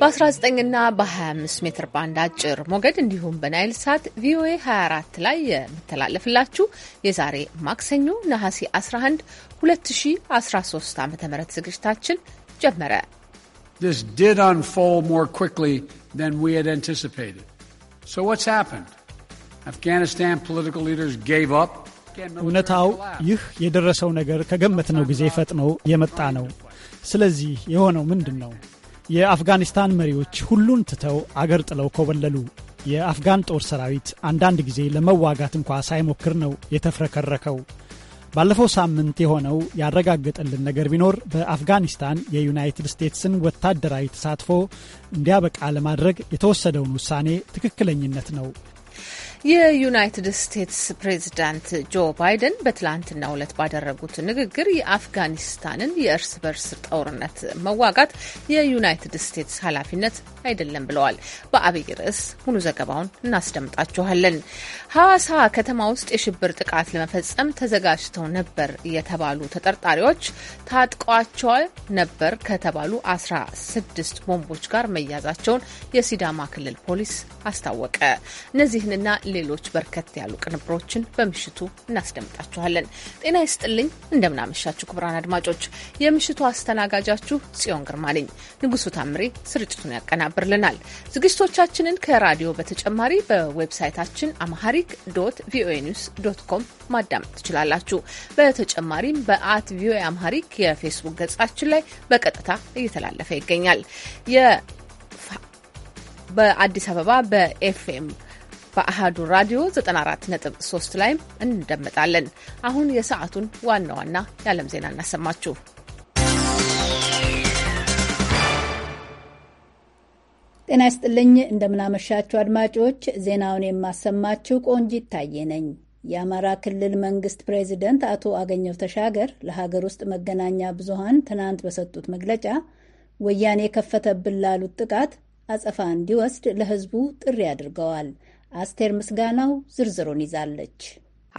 በ19 ና በ25 ሜትር ባንድ አጭር ሞገድ እንዲሁም በናይል ሳት ቪኦኤ 24 ላይ የምተላለፍላችሁ የዛሬ ማክሰኞ ነሐሴ 11 2013 ዓ ም ዝግጅታችን ጀመረ። This did unfold more quickly than we had anticipated. So what's happened? Afghanistan political leaders gave up. እውነታው ይህ የደረሰው ነገር ከገመትነው ጊዜ ፈጥኖ የመጣ ነው። ስለዚህ የሆነው ምንድን ነው? የአፍጋኒስታን መሪዎች ሁሉን ትተው አገር ጥለው ኮበለሉ። የአፍጋን ጦር ሰራዊት አንዳንድ ጊዜ ለመዋጋት እንኳ ሳይሞክር ነው የተፍረከረከው። ባለፈው ሳምንት የሆነው ያረጋገጠልን ነገር ቢኖር በአፍጋኒስታን የዩናይትድ ስቴትስን ወታደራዊ ተሳትፎ እንዲያበቃ ለማድረግ የተወሰደውን ውሳኔ ትክክለኝነት ነው። የዩናይትድ ስቴትስ ፕሬዚዳንት ጆ ባይደን በትላንትና ዕለት ባደረጉት ንግግር የአፍጋኒስታንን የእርስ በርስ ጦርነት መዋጋት የዩናይትድ ስቴትስ ኃላፊነት አይደለም ብለዋል። በአብይ ርዕስ ሙሉ ዘገባውን እናስደምጣችኋለን። ሐዋሳ ከተማ ውስጥ የሽብር ጥቃት ለመፈጸም ተዘጋጅተው ነበር የተባሉ ተጠርጣሪዎች ታጥቀዋቸዋል ነበር ከተባሉ አስራ ስድስት ቦምቦች ጋር መያዛቸውን የሲዳማ ክልል ፖሊስ አስታወቀ። እነዚህንና ሌሎች በርከት ያሉ ቅንብሮችን በምሽቱ እናስደምጣችኋለን። ጤና ይስጥልኝ፣ እንደምናመሻችሁ ክቡራን አድማጮች፣ የምሽቱ አስተናጋጃችሁ ጽዮን ግርማ ነኝ። ንጉሱ ታምሬ ስርጭቱን ያቀናብርልናል። ዝግጅቶቻችንን ከራዲዮ በተጨማሪ በዌብሳይታችን አማሃሪ አምሃሪክ ዶት ቪኦኤ ኒውስ ዶት ኮም ማዳመጥ ትችላላችሁ። በተጨማሪም በአት ቪኦኤ አምሃሪክ የፌስቡክ ገጻችን ላይ በቀጥታ እየተላለፈ ይገኛል። በአዲስ አበባ በኤፍኤም በአህዱ ራዲዮ 94.3 ላይም እንደመጣለን። አሁን የሰዓቱን ዋና ዋና የዓለም ዜና እናሰማችሁ። ጤና ይስጥልኝ እንደምናመሻችሁ አድማጮች። ዜናውን የማሰማችው ቆንጅ ይታየ ነኝ። የአማራ ክልል መንግስት ፕሬዚደንት አቶ አገኘው ተሻገር ለሀገር ውስጥ መገናኛ ብዙሃን ትናንት በሰጡት መግለጫ ወያኔ የከፈተብን ላሉት ጥቃት አጸፋ እንዲወስድ ለህዝቡ ጥሪ አድርገዋል። አስቴር ምስጋናው ዝርዝሩን ይዛለች።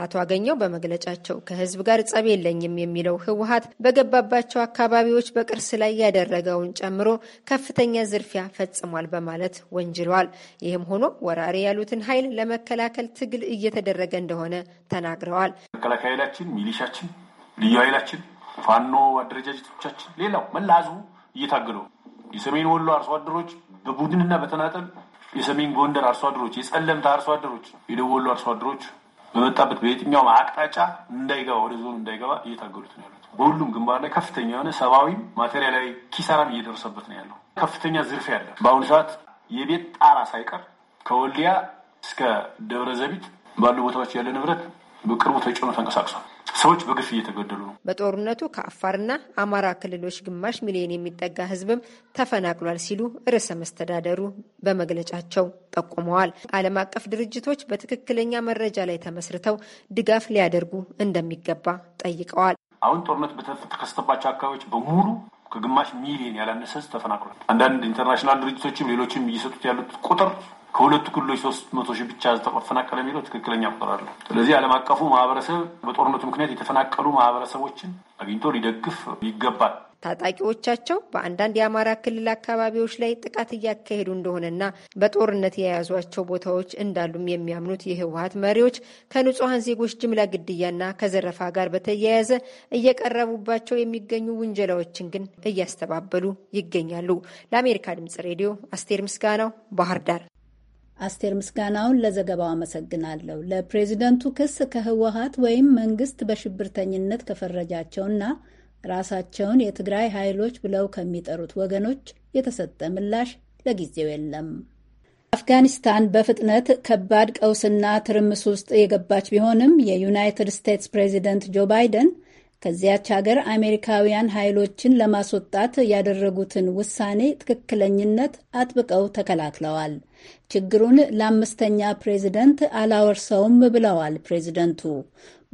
አቶ አገኘው በመግለጫቸው ከህዝብ ጋር ጸብ የለኝም የሚለው ህወሀት በገባባቸው አካባቢዎች በቅርስ ላይ ያደረገውን ጨምሮ ከፍተኛ ዝርፊያ ፈጽሟል በማለት ወንጅለዋል። ይህም ሆኖ ወራሪ ያሉትን ኃይል ለመከላከል ትግል እየተደረገ እንደሆነ ተናግረዋል። መከላከያ ኃይላችን፣ ሚሊሻችን፣ ልዩ ኃይላችን፣ ፋኖ አደረጃጀቶቻችን፣ ሌላው መላ ህዝቡ የሰሜን ወሎ አርሶ አደሮች በቡድንና በተናጠል የሰሜን ጎንደር አርሶ አደሮች፣ የጸለምታ አርሶ አደሮች፣ የደቡብ ወሎ አርሶ አደሮች በመጣበት በየትኛውም አቅጣጫ እንዳይገባ ወደ ዞኑ እንዳይገባ እየታገሉት ነው ያሉት። በሁሉም ግንባር ላይ ከፍተኛ የሆነ ሰብአዊ ማቴሪያላዊ ኪሳራም እየደረሰበት ነው ያለው። ከፍተኛ ዝርፍ ያለ በአሁኑ ሰዓት የቤት ጣራ ሳይቀር ከወልዲያ እስከ ደብረ ዘቢት ባሉ ቦታዎች ያለ ንብረት በቅርቡ ተጭኖ ተንቀሳቅሷል። ሰዎች በግፍ እየተገደሉ ነው። በጦርነቱ ከአፋርና አማራ ክልሎች ግማሽ ሚሊዮን የሚጠጋ ህዝብም ተፈናቅሏል ሲሉ ርዕሰ መስተዳደሩ በመግለጫቸው ጠቁመዋል። ዓለም አቀፍ ድርጅቶች በትክክለኛ መረጃ ላይ ተመስርተው ድጋፍ ሊያደርጉ እንደሚገባ ጠይቀዋል። አሁን ጦርነት በተከሰተባቸው አካባቢዎች በሙሉ ከግማሽ ሚሊዮን ያላነሰ ተፈናቅሏል። አንዳንድ ኢንተርናሽናል ድርጅቶችም ሌሎችም እየሰጡት ያሉት ቁጥር ከሁለቱ ክልሎች ሶስት መቶ ሺህ ብቻ ተፈናቀለ የሚለው ትክክለኛ ቁጥር አለ። ስለዚህ ዓለም አቀፉ ማህበረሰብ በጦርነቱ ምክንያት የተፈናቀሉ ማህበረሰቦችን አግኝቶ ሊደግፍ ይገባል። ታጣቂዎቻቸው በአንዳንድ የአማራ ክልል አካባቢዎች ላይ ጥቃት እያካሄዱ እንደሆነና በጦርነት የያዟቸው ቦታዎች እንዳሉም የሚያምኑት የህወሀት መሪዎች ከንጹሐን ዜጎች ጅምላ ግድያና ከዘረፋ ጋር በተያያዘ እየቀረቡባቸው የሚገኙ ውንጀላዎችን ግን እያስተባበሉ ይገኛሉ። ለአሜሪካ ድምጽ ሬዲዮ አስቴር ምስጋናው ባህር ዳር። አስቴር ምስጋናውን ለዘገባው አመሰግናለሁ። ለፕሬዚደንቱ ክስ ከህወሀት ወይም መንግስት በሽብርተኝነት ከፈረጃቸውና ራሳቸውን የትግራይ ኃይሎች ብለው ከሚጠሩት ወገኖች የተሰጠ ምላሽ ለጊዜው የለም። አፍጋኒስታን በፍጥነት ከባድ ቀውስና ትርምስ ውስጥ የገባች ቢሆንም የዩናይትድ ስቴትስ ፕሬዚደንት ጆ ባይደን ከዚያች ሀገር አሜሪካውያን ኃይሎችን ለማስወጣት ያደረጉትን ውሳኔ ትክክለኝነት አጥብቀው ተከላክለዋል። ችግሩን ለአምስተኛ ፕሬዝደንት አላወርሰውም ብለዋል ፕሬዝደንቱ።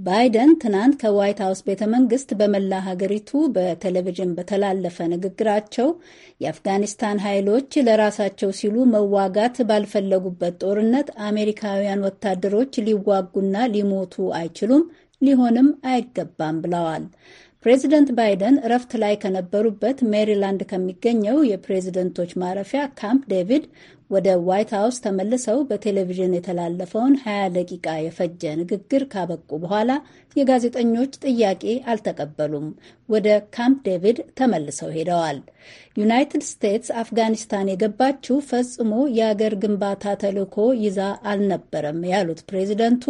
ባይደን ትናንት ከዋይት ሀውስ ቤተ መንግስት በመላ ሀገሪቱ በቴሌቪዥን በተላለፈ ንግግራቸው የአፍጋኒስታን ኃይሎች ለራሳቸው ሲሉ መዋጋት ባልፈለጉበት ጦርነት አሜሪካውያን ወታደሮች ሊዋጉና ሊሞቱ አይችሉም ሊሆንም አይገባም ብለዋል። ፕሬዚደንት ባይደን እረፍት ላይ ከነበሩበት ሜሪላንድ ከሚገኘው የፕሬዚደንቶች ማረፊያ ካምፕ ዴቪድ ወደ ዋይት ሀውስ ተመልሰው በቴሌቪዥን የተላለፈውን 20 ደቂቃ የፈጀ ንግግር ካበቁ በኋላ የጋዜጠኞች ጥያቄ አልተቀበሉም። ወደ ካምፕ ዴቪድ ተመልሰው ሄደዋል። ዩናይትድ ስቴትስ አፍጋኒስታን የገባችው ፈጽሞ የአገር ግንባታ ተልዕኮ ይዛ አልነበረም ያሉት ፕሬዚደንቱ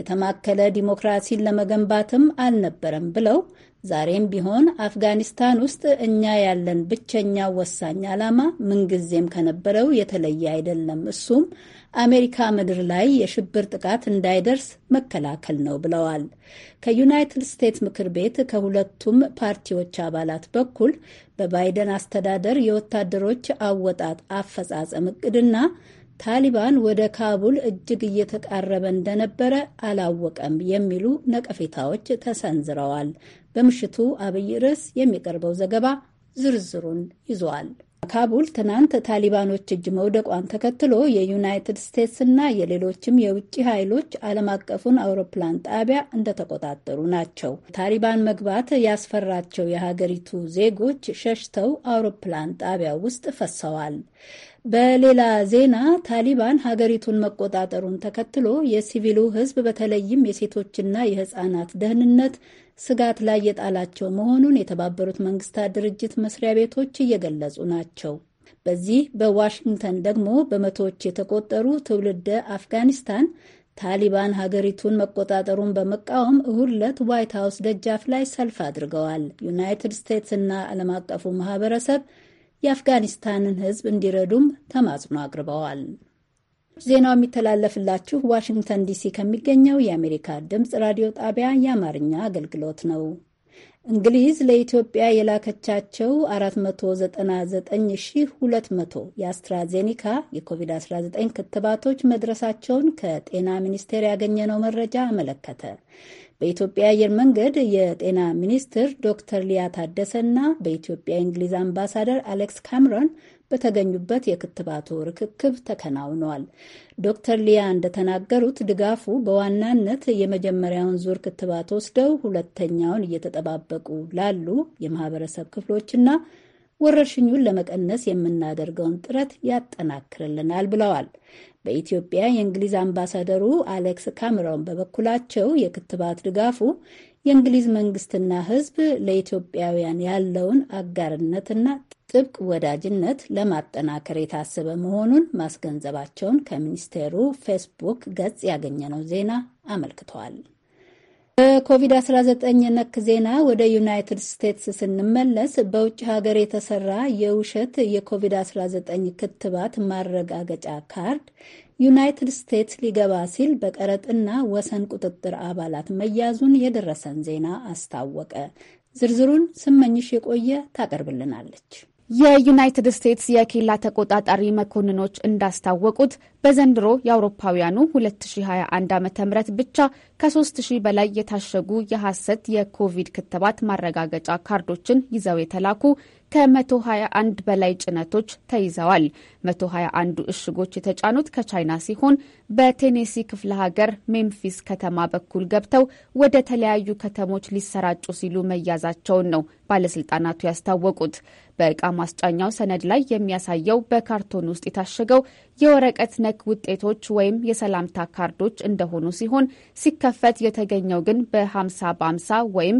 የተማከለ ዲሞክራሲን ለመገንባትም አልነበረም ብለው ዛሬም ቢሆን አፍጋኒስታን ውስጥ እኛ ያለን ብቸኛው ወሳኝ ዓላማ ምንጊዜም ከነበረው የተለየ አይደለም። እሱም አሜሪካ ምድር ላይ የሽብር ጥቃት እንዳይደርስ መከላከል ነው ብለዋል። ከዩናይትድ ስቴትስ ምክር ቤት ከሁለቱም ፓርቲዎች አባላት በኩል በባይደን አስተዳደር የወታደሮች አወጣት አፈጻጸም እቅድና ታሊባን ወደ ካቡል እጅግ እየተቃረበ እንደነበረ አላወቀም የሚሉ ነቀፌታዎች ተሰንዝረዋል። በምሽቱ አብይ ርዕስ የሚቀርበው ዘገባ ዝርዝሩን ይዟል። ካቡል ትናንት ታሊባኖች እጅ መውደቋን ተከትሎ የዩናይትድ ስቴትስና የሌሎችም የውጭ ኃይሎች ዓለም አቀፉን አውሮፕላን ጣቢያ እንደተቆጣጠሩ ናቸው። ታሊባን መግባት ያስፈራቸው የሀገሪቱ ዜጎች ሸሽተው አውሮፕላን ጣቢያ ውስጥ ፈሰዋል። በሌላ ዜና ታሊባን ሀገሪቱን መቆጣጠሩን ተከትሎ የሲቪሉ ሕዝብ በተለይም የሴቶችና የሕፃናት ደህንነት ስጋት ላይ የጣላቸው መሆኑን የተባበሩት መንግስታት ድርጅት መስሪያ ቤቶች እየገለጹ ናቸው። በዚህ በዋሽንግተን ደግሞ በመቶዎች የተቆጠሩ ትውልደ አፍጋኒስታን ታሊባን ሀገሪቱን መቆጣጠሩን በመቃወም እሁድ ዕለት ዋይት ሀውስ ደጃፍ ላይ ሰልፍ አድርገዋል። ዩናይትድ ስቴትስ እና ዓለም አቀፉ ማህበረሰብ የአፍጋኒስታንን ሕዝብ እንዲረዱም ተማጽኖ አቅርበዋል። ዜናው የሚተላለፍላችሁ ዋሽንግተን ዲሲ ከሚገኘው የአሜሪካ ድምፅ ራዲዮ ጣቢያ የአማርኛ አገልግሎት ነው። እንግሊዝ ለኢትዮጵያ የላከቻቸው 499200 የአስትራዜኒካ የኮቪድ-19 ክትባቶች መድረሳቸውን ከጤና ሚኒስቴር ያገኘነው መረጃ አመለከተ። በኢትዮጵያ አየር መንገድ የጤና ሚኒስትር ዶክተር ሊያ ታደሰ እና በኢትዮጵያ የእንግሊዝ አምባሳደር አሌክስ ካምሮን በተገኙበት የክትባቱ ርክክብ ተከናውኗል። ዶክተር ሊያ እንደተናገሩት ድጋፉ በዋናነት የመጀመሪያውን ዙር ክትባት ወስደው ሁለተኛውን እየተጠባበቁ ላሉ የማህበረሰብ ክፍሎችና ወረርሽኙን ለመቀነስ የምናደርገውን ጥረት ያጠናክርልናል ብለዋል። በኢትዮጵያ የእንግሊዝ አምባሳደሩ አሌክስ ካምሮን በበኩላቸው የክትባት ድጋፉ የእንግሊዝ መንግስትና ሕዝብ ለኢትዮጵያውያን ያለውን አጋርነትና ጥብቅ ወዳጅነት ለማጠናከር የታሰበ መሆኑን ማስገንዘባቸውን ከሚኒስቴሩ ፌስቡክ ገጽ ያገኘነው ዜና አመልክቷል። በኮቪድ-19 ነክ ዜና ወደ ዩናይትድ ስቴትስ ስንመለስ በውጭ ሀገር የተሰራ የውሸት የኮቪድ-19 ክትባት ማረጋገጫ ካርድ ዩናይትድ ስቴትስ ሊገባ ሲል በቀረጥና ወሰን ቁጥጥር አባላት መያዙን የደረሰን ዜና አስታወቀ። ዝርዝሩን ስመኝሽ የቆየ ታቀርብልናለች። የዩናይትድ ስቴትስ የኬላ ተቆጣጣሪ መኮንኖች እንዳስታወቁት በዘንድሮ የአውሮፓውያኑ 2021 ዓ ም ብቻ ከ3000 በላይ የታሸጉ የሐሰት የኮቪድ ክትባት ማረጋገጫ ካርዶችን ይዘው የተላኩ ከ121 በላይ ጭነቶች ተይዘዋል። 121ዱ እሽጎች የተጫኑት ከቻይና ሲሆን በቴኔሲ ክፍለ ሀገር ሜምፊስ ከተማ በኩል ገብተው ወደ ተለያዩ ከተሞች ሊሰራጩ ሲሉ መያዛቸውን ነው ባለስልጣናቱ ያስታወቁት። በእቃ ማስጫኛው ሰነድ ላይ የሚያሳየው በካርቶን ውስጥ የታሸገው የወረቀት ነክ ውጤቶች ወይም የሰላምታ ካርዶች እንደሆኑ ሲሆን ሲከፈት የተገኘው ግን በ50 በ50 ወይም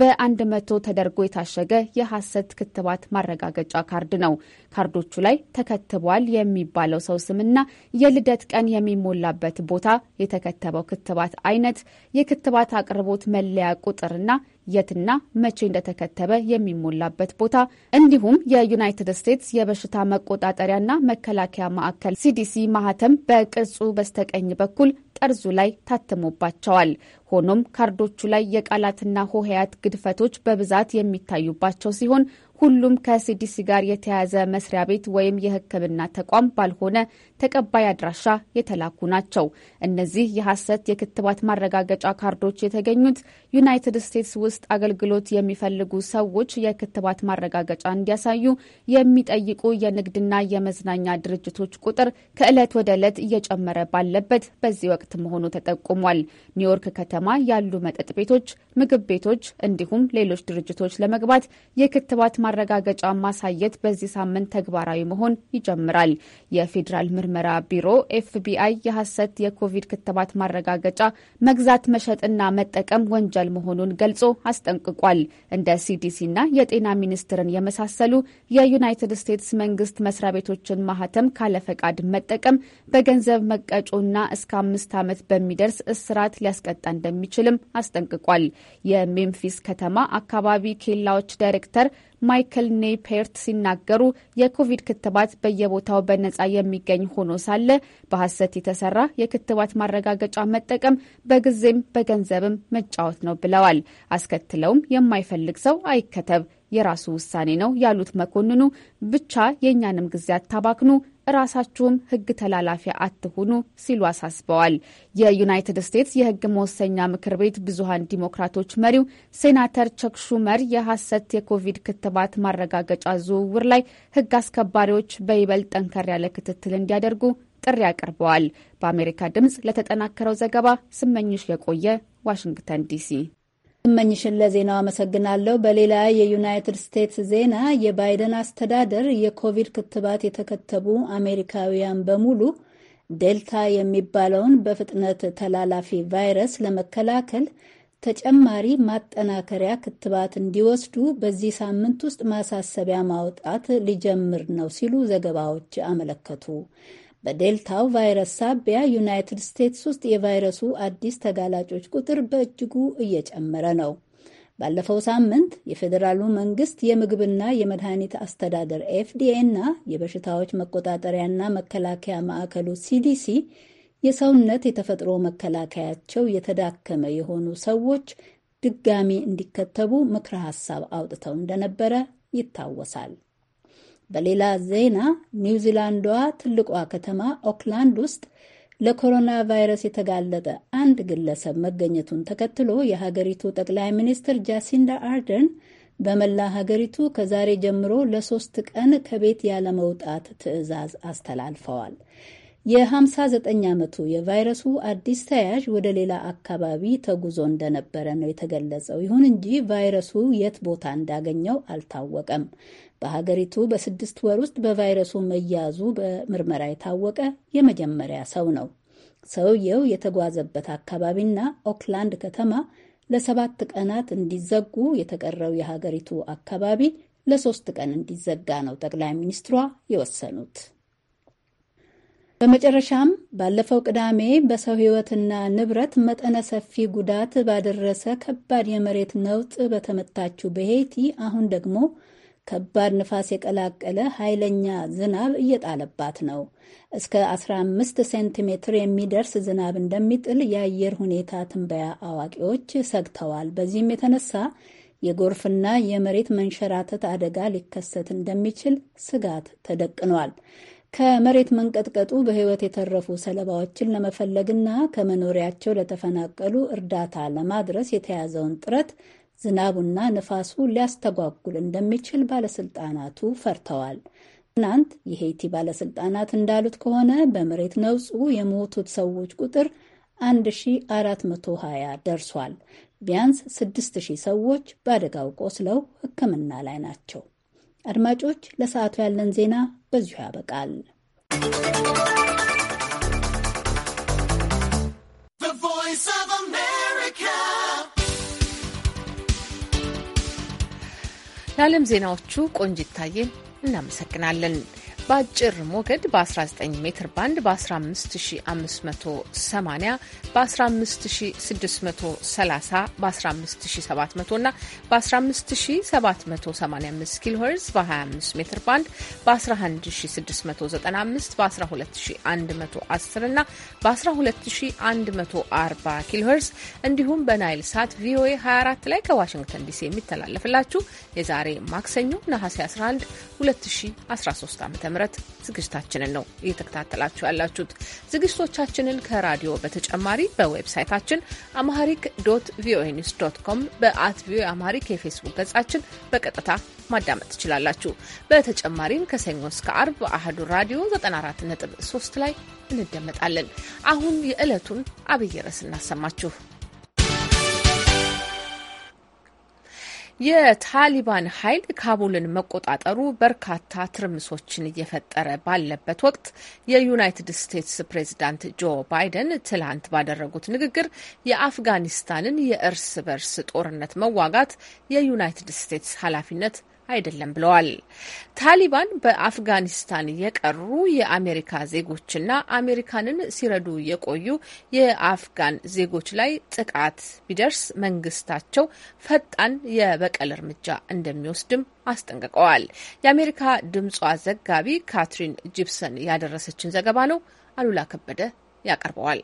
በአንድ መቶ ተደርጎ የታሸገ የሐሰት ክትባት ማረጋገጫ ካርድ ነው። ካርዶቹ ላይ ተከትቧል የሚባለው ሰው ስምና የልደት ቀን የሚሞላበት ቦታ፣ የተከተበው ክትባት አይነት፣ የክትባት አቅርቦት መለያ ቁጥርና የትና መቼ እንደተከተበ የሚሞላበት ቦታ እንዲሁም የዩናይትድ ስቴትስ የበሽታ መቆጣጠሪያና መከላከያ ማዕከል ሲዲሲ ማህተም በቅርጹ በስተቀኝ በኩል ጠርዙ ላይ ታትሞባቸዋል። ሆኖም ካርዶቹ ላይ የቃላትና ሆሄያት ግድፈቶች በብዛት የሚታዩባቸው ሲሆን ሁሉም ከሲዲሲ ጋር የተያያዘ መስሪያ ቤት ወይም የሕክምና ተቋም ባልሆነ ተቀባይ አድራሻ የተላኩ ናቸው። እነዚህ የሐሰት የክትባት ማረጋገጫ ካርዶች የተገኙት ዩናይትድ ስቴትስ ውስጥ አገልግሎት የሚፈልጉ ሰዎች የክትባት ማረጋገጫ እንዲያሳዩ የሚጠይቁ የንግድና የመዝናኛ ድርጅቶች ቁጥር ከዕለት ወደ ዕለት እየጨመረ ባለበት በዚህ ወቅት መሆኑ ተጠቁሟል። ኒውዮርክ ከተማ ያሉ መጠጥ ቤቶች፣ ምግብ ቤቶች እንዲሁም ሌሎች ድርጅቶች ለመግባት የክትባት ማረጋገጫ ማሳየት በዚህ ሳምንት ተግባራዊ መሆን ይጀምራል። የፌዴራል ምር ምርመራ ቢሮ ኤፍቢአይ የሐሰት የኮቪድ ክትባት ማረጋገጫ መግዛት፣ መሸጥና መጠቀም ወንጀል መሆኑን ገልጾ አስጠንቅቋል። እንደ ሲዲሲና የጤና ሚኒስቴርን የመሳሰሉ የዩናይትድ ስቴትስ መንግስት መስሪያ ቤቶችን ማህተም ካለፈቃድ መጠቀም በገንዘብ መቀጮና እስከ አምስት ዓመት በሚደርስ እስራት ሊያስቀጣ እንደሚችልም አስጠንቅቋል። የሜምፊስ ከተማ አካባቢ ኬላዎች ዳይሬክተር ማይክል ኔፔርት ሲናገሩ የኮቪድ ክትባት በየቦታው በነጻ የሚገኝ ሆኖ ሳለ በሐሰት የተሰራ የክትባት ማረጋገጫ መጠቀም በጊዜም በገንዘብም መጫወት ነው ብለዋል። አስከትለውም የማይፈልግ ሰው አይከተብ የራሱ ውሳኔ ነው ያሉት መኮንኑ፣ ብቻ የእኛንም ጊዜ አታባክኑ እራሳችሁም ሕግ ተላላፊ አትሁኑ ሲሉ አሳስበዋል። የዩናይትድ ስቴትስ የሕግ መወሰኛ ምክር ቤት ብዙሃን ዲሞክራቶች መሪው ሴናተር ቸክ ሹመር የሐሰት የኮቪድ ክትባት ማረጋገጫ ዝውውር ላይ ሕግ አስከባሪዎች በይበልጥ ጠንከር ያለ ክትትል እንዲያደርጉ ጥሪ አቅርበዋል። በአሜሪካ ድምፅ ለተጠናከረው ዘገባ ስመኝሽ የቆየ ዋሽንግተን ዲሲ እመኝሽን ለዜናው አመሰግናለሁ። በሌላ የዩናይትድ ስቴትስ ዜና የባይደን አስተዳደር የኮቪድ ክትባት የተከተቡ አሜሪካውያን በሙሉ ዴልታ የሚባለውን በፍጥነት ተላላፊ ቫይረስ ለመከላከል ተጨማሪ ማጠናከሪያ ክትባት እንዲወስዱ በዚህ ሳምንት ውስጥ ማሳሰቢያ ማውጣት ሊጀምር ነው ሲሉ ዘገባዎች አመለከቱ። በዴልታው ቫይረስ ሳቢያ ዩናይትድ ስቴትስ ውስጥ የቫይረሱ አዲስ ተጋላጮች ቁጥር በእጅጉ እየጨመረ ነው። ባለፈው ሳምንት የፌዴራሉ መንግስት የምግብና የመድኃኒት አስተዳደር ኤፍዲኤ እና የበሽታዎች መቆጣጠሪያና መከላከያ ማዕከሉ ሲዲሲ የሰውነት የተፈጥሮ መከላከያቸው የተዳከመ የሆኑ ሰዎች ድጋሚ እንዲከተቡ ምክረ ሀሳብ አውጥተው እንደነበረ ይታወሳል። በሌላ ዜና ኒውዚላንዷ ትልቋ ከተማ ኦክላንድ ውስጥ ለኮሮና ቫይረስ የተጋለጠ አንድ ግለሰብ መገኘቱን ተከትሎ የሀገሪቱ ጠቅላይ ሚኒስትር ጃሲንዳ አርደን በመላ ሀገሪቱ ከዛሬ ጀምሮ ለሶስት ቀን ከቤት ያለመውጣት ትዕዛዝ አስተላልፈዋል። የ59 ዓመቱ የቫይረሱ አዲስ ተያዥ ወደ ሌላ አካባቢ ተጉዞ እንደነበረ ነው የተገለጸው። ይሁን እንጂ ቫይረሱ የት ቦታ እንዳገኘው አልታወቀም። በሀገሪቱ በስድስት ወር ውስጥ በቫይረሱ መያዙ በምርመራ የታወቀ የመጀመሪያ ሰው ነው። ሰውየው የተጓዘበት አካባቢና ኦክላንድ ከተማ ለሰባት ቀናት እንዲዘጉ፣ የተቀረው የሀገሪቱ አካባቢ ለሶስት ቀን እንዲዘጋ ነው ጠቅላይ ሚኒስትሯ የወሰኑት። በመጨረሻም ባለፈው ቅዳሜ በሰው ሕይወትና ንብረት መጠነ ሰፊ ጉዳት ባደረሰ ከባድ የመሬት ነውጥ በተመታችው በሄይቲ አሁን ደግሞ ከባድ ንፋስ የቀላቀለ ኃይለኛ ዝናብ እየጣለባት ነው። እስከ 15 ሴንቲሜትር የሚደርስ ዝናብ እንደሚጥል የአየር ሁኔታ ትንበያ አዋቂዎች ሰግተዋል። በዚህም የተነሳ የጎርፍና የመሬት መንሸራተት አደጋ ሊከሰት እንደሚችል ስጋት ተደቅኗል። ከመሬት መንቀጥቀጡ በሕይወት የተረፉ ሰለባዎችን ለመፈለግና ከመኖሪያቸው ለተፈናቀሉ እርዳታ ለማድረስ የተያዘውን ጥረት ዝናቡና ንፋሱ ሊያስተጓጉል እንደሚችል ባለስልጣናቱ ፈርተዋል። ትናንት የሄይቲ ባለስልጣናት እንዳሉት ከሆነ በመሬት ነውፁ የሞቱት ሰዎች ቁጥር 1420 ደርሷል። ቢያንስ 6000 ሰዎች በአደጋው ቆስለው ሕክምና ላይ ናቸው። አድማጮች፣ ለሰዓቱ ያለን ዜና በዚሁ ያበቃል። ለዓለም ዜናዎቹ ቆንጅ ታዬን እናመሰግናለን። በአጭር ሞገድ በ19 ሜትር ባንድ በ15580 በ15630 በ15700 እና በ15785 ኪሎ ሄርዝ በ25 ሜትር ባንድ በ11695 በ12110 እና በ12140 ኪሎ ሄርዝ እንዲሁም በናይል ሳት ቪኦኤ 24 ላይ ከዋሽንግተን ዲሲ የሚተላለፍላችሁ የዛሬ ማክሰኞ ነሐሴ 11 2013 ዓ.ም ዝግጅታችንን ነው እየተከታተላችሁ ያላችሁት። ዝግጅቶቻችንን ከራዲዮ በተጨማሪ በዌብሳይታችን አማሪክ ዶት ቪኦኤ ኒውስ ዶት ኮም፣ በአት ቪኦኤ አማሪክ የፌስቡክ ገጻችን በቀጥታ ማዳመጥ ትችላላችሁ። በተጨማሪም ከሰኞ እስከ አርብ አህዱ ራዲዮ 94.3 ላይ እንደመጣለን። አሁን የዕለቱን አብይ ርዕስ እናሰማችሁ። የታሊባን ኃይል ካቡልን መቆጣጠሩ በርካታ ትርምሶችን እየፈጠረ ባለበት ወቅት የዩናይትድ ስቴትስ ፕሬዝዳንት ጆ ባይደን ትላንት ባደረጉት ንግግር የአፍጋኒስታንን የእርስ በርስ ጦርነት መዋጋት የዩናይትድ ስቴትስ ኃላፊነት አይደለም ብለዋል። ታሊባን በአፍጋኒስታን የቀሩ የአሜሪካ ዜጎችና አሜሪካንን ሲረዱ የቆዩ የአፍጋን ዜጎች ላይ ጥቃት ቢደርስ መንግስታቸው ፈጣን የበቀል እርምጃ እንደሚወስድም አስጠንቅቀዋል። የአሜሪካ ድምጿ ዘጋቢ ካትሪን ጂፕሰን ያደረሰችን ዘገባ ነው። አሉላ ከበደ ያቀርበዋል።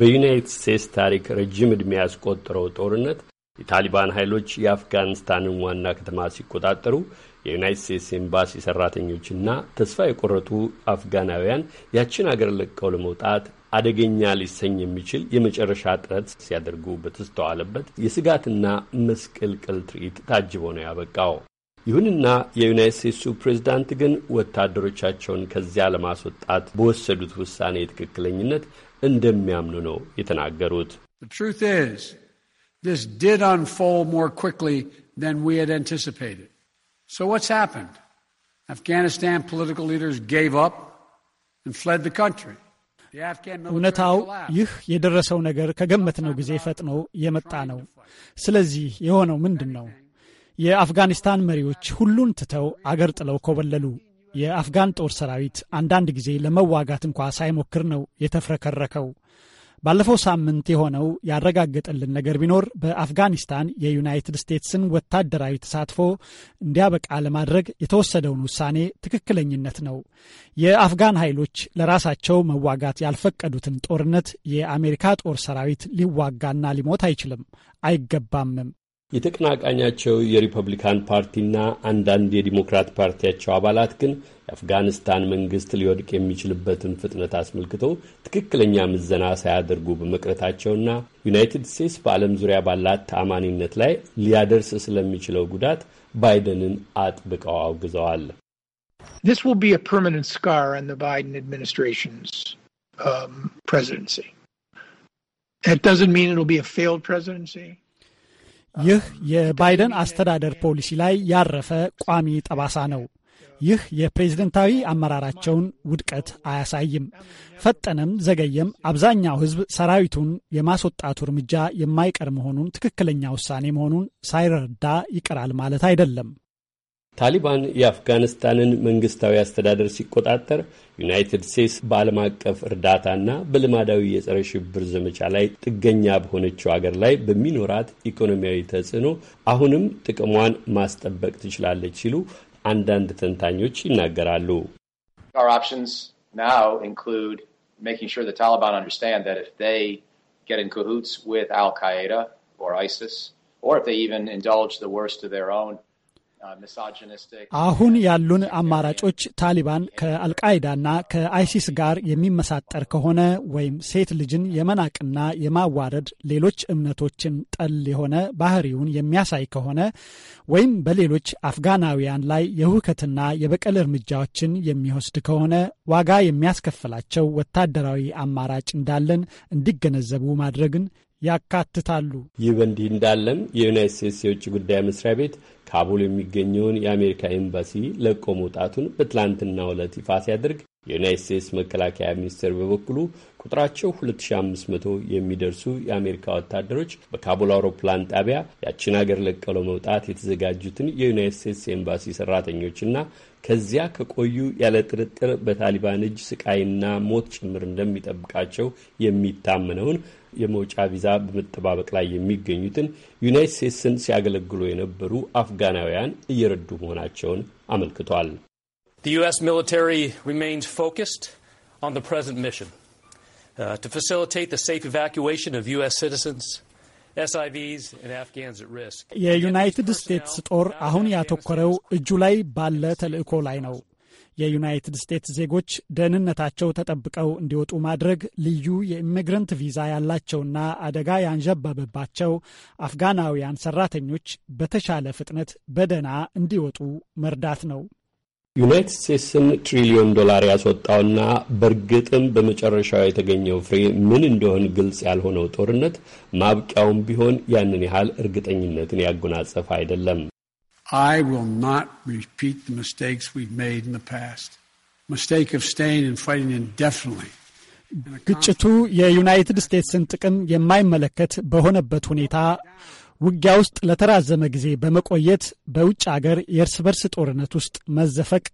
በዩናይትድ ስቴትስ ታሪክ ረጅም ዕድሜ ያስቆጠረው ጦርነት የታሊባን ኃይሎች የአፍጋኒስታንን ዋና ከተማ ሲቆጣጠሩ የዩናይት ስቴትስ ኤምባሲ ሰራተኞችና ተስፋ የቆረጡ አፍጋናውያን ያችን አገር ለቀው ለመውጣት አደገኛ ሊሰኝ የሚችል የመጨረሻ ጥረት ሲያደርጉ በተስተዋለበት የስጋትና መስቀልቅል ትርኢት ታጅቦ ነው ያበቃው። ይሁንና የዩናይት ስቴትሱ ፕሬዚዳንት ግን ወታደሮቻቸውን ከዚያ ለማስወጣት በወሰዱት ውሳኔ ትክክለኝነት እንደሚያምኑ ነው የተናገሩት። This did unfold more quickly than we had anticipated. So, what's happened? እውነታው ይህ የደረሰው ነገር ከገመትነው ጊዜ ፈጥኖ የመጣ ነው። ስለዚህ የሆነው ምንድን ነው? የአፍጋኒስታን መሪዎች ሁሉን ትተው አገር ጥለው ኮበለሉ። የአፍጋን ጦር ሰራዊት አንዳንድ ጊዜ ለመዋጋት እንኳ ሳይሞክር ነው የተፍረከረከው። ባለፈው ሳምንት የሆነው ያረጋገጠልን ነገር ቢኖር በአፍጋኒስታን የዩናይትድ ስቴትስን ወታደራዊ ተሳትፎ እንዲያበቃ ለማድረግ የተወሰደውን ውሳኔ ትክክለኝነት ነው። የአፍጋን ኃይሎች ለራሳቸው መዋጋት ያልፈቀዱትን ጦርነት የአሜሪካ ጦር ሰራዊት ሊዋጋና ሊሞት አይችልም፣ አይገባምም። የተቀናቃኛቸው የሪፐብሊካን ፓርቲና አንዳንድ የዲሞክራት ፓርቲያቸው አባላት ግን የአፍጋኒስታን መንግስት ሊወድቅ የሚችልበትን ፍጥነት አስመልክቶ ትክክለኛ ምዘና ሳያደርጉ በመቅረታቸውና ዩናይትድ ስቴትስ በዓለም ዙሪያ ባላት ተአማኒነት ላይ ሊያደርስ ስለሚችለው ጉዳት ባይደንን አጥብቀው አውግዘዋል። This will be a permanent scar on the Biden administration's um, presidency. That doesn't mean it'll be a failed presidency. ይህ የባይደን አስተዳደር ፖሊሲ ላይ ያረፈ ቋሚ ጠባሳ ነው። ይህ የፕሬዝደንታዊ አመራራቸውን ውድቀት አያሳይም። ፈጠነም ዘገየም አብዛኛው ሕዝብ ሰራዊቱን የማስወጣቱ እርምጃ የማይቀር መሆኑን ትክክለኛ ውሳኔ መሆኑን ሳይረዳ ይቀራል ማለት አይደለም። ታሊባን የአፍጋኒስታንን መንግስታዊ አስተዳደር ሲቆጣጠር ዩናይትድ ስቴትስ በዓለም አቀፍ እርዳታና በልማዳዊ የጸረ ሽብር ዘመቻ ላይ ጥገኛ በሆነችው አገር ላይ በሚኖራት ኢኮኖሚያዊ ተጽዕኖ አሁንም ጥቅሟን ማስጠበቅ ትችላለች ሲሉ አንዳንድ ተንታኞች ይናገራሉ። Uh, አሁን ያሉን አማራጮች ታሊባን ከአልቃይዳና ከአይሲስ ጋር የሚመሳጠር ከሆነ ወይም ሴት ልጅን የመናቅና የማዋረድ ሌሎች እምነቶችን ጠል የሆነ ባህሪውን የሚያሳይ ከሆነ ወይም በሌሎች አፍጋናውያን ላይ የሁከትና የበቀል እርምጃዎችን የሚወስድ ከሆነ ዋጋ የሚያስከፍላቸው ወታደራዊ አማራጭ እንዳለን እንዲገነዘቡ ማድረግን ያካትታሉ። ይህ በእንዲህ እንዳለም የዩናይት ስቴትስ የውጭ ጉዳይ መስሪያ ቤት ካቡል የሚገኘውን የአሜሪካ ኤምባሲ ለቆ መውጣቱን በትላንትናው ዕለት ይፋ ሲያደርግ የዩናይት ስቴትስ መከላከያ ሚኒስቴር በበኩሉ ቁጥራቸው 2500 የሚደርሱ የአሜሪካ ወታደሮች በካቡል አውሮፕላን ጣቢያ ያችን አገር ለቀሎ መውጣት የተዘጋጁትን የዩናይት ስቴትስ ኤምባሲ ሰራተኞችና ከዚያ ከቆዩ ያለ ጥርጥር በታሊባን እጅ ስቃይና ሞት ጭምር እንደሚጠብቃቸው የሚታመነውን የመውጫ ቪዛ በመጠባበቅ ላይ የሚገኙትን ዩናይት ስቴትስን ሲያገለግሉ የነበሩ አፍጋናውያን እየረዱ መሆናቸውን አመልክቷል። The U.S. military remains focused on the present mission uh, to facilitate the safe evacuation of U.S. citizens, SIVs, and Afghans at risk. የዩናይትድ ስቴትስ ጦር አሁን ያተኮረው እጁ ላይ ባለ ተልእኮ ላይ ነው። የዩናይትድ ስቴትስ ዜጎች ደህንነታቸው ተጠብቀው እንዲወጡ ማድረግ፣ ልዩ የኢሚግረንት ቪዛ ያላቸውና አደጋ ያንዣበበባቸው አፍጋናውያን ሰራተኞች በተሻለ ፍጥነት በደህና እንዲወጡ መርዳት ነው። ዩናይትድ ስቴትስን ትሪሊዮን ዶላር ያስወጣውና በእርግጥም በመጨረሻው የተገኘው ፍሬ ምን እንደሆን ግልጽ ያልሆነው ጦርነት ማብቂያውም ቢሆን ያንን ያህል እርግጠኝነትን ያጎናጸፈ አይደለም። I will not repeat the mistakes we've made in the past. Mistake of staying and fighting indefinitely. ግጭቱ የዩናይትድ ስቴትስን ጥቅም የማይመለከት በሆነበት ሁኔታ ውጊያ ውስጥ ለተራዘመ ጊዜ በመቆየት በውጭ አገር የእርስ በርስ ጦርነት ውስጥ መዘፈቅ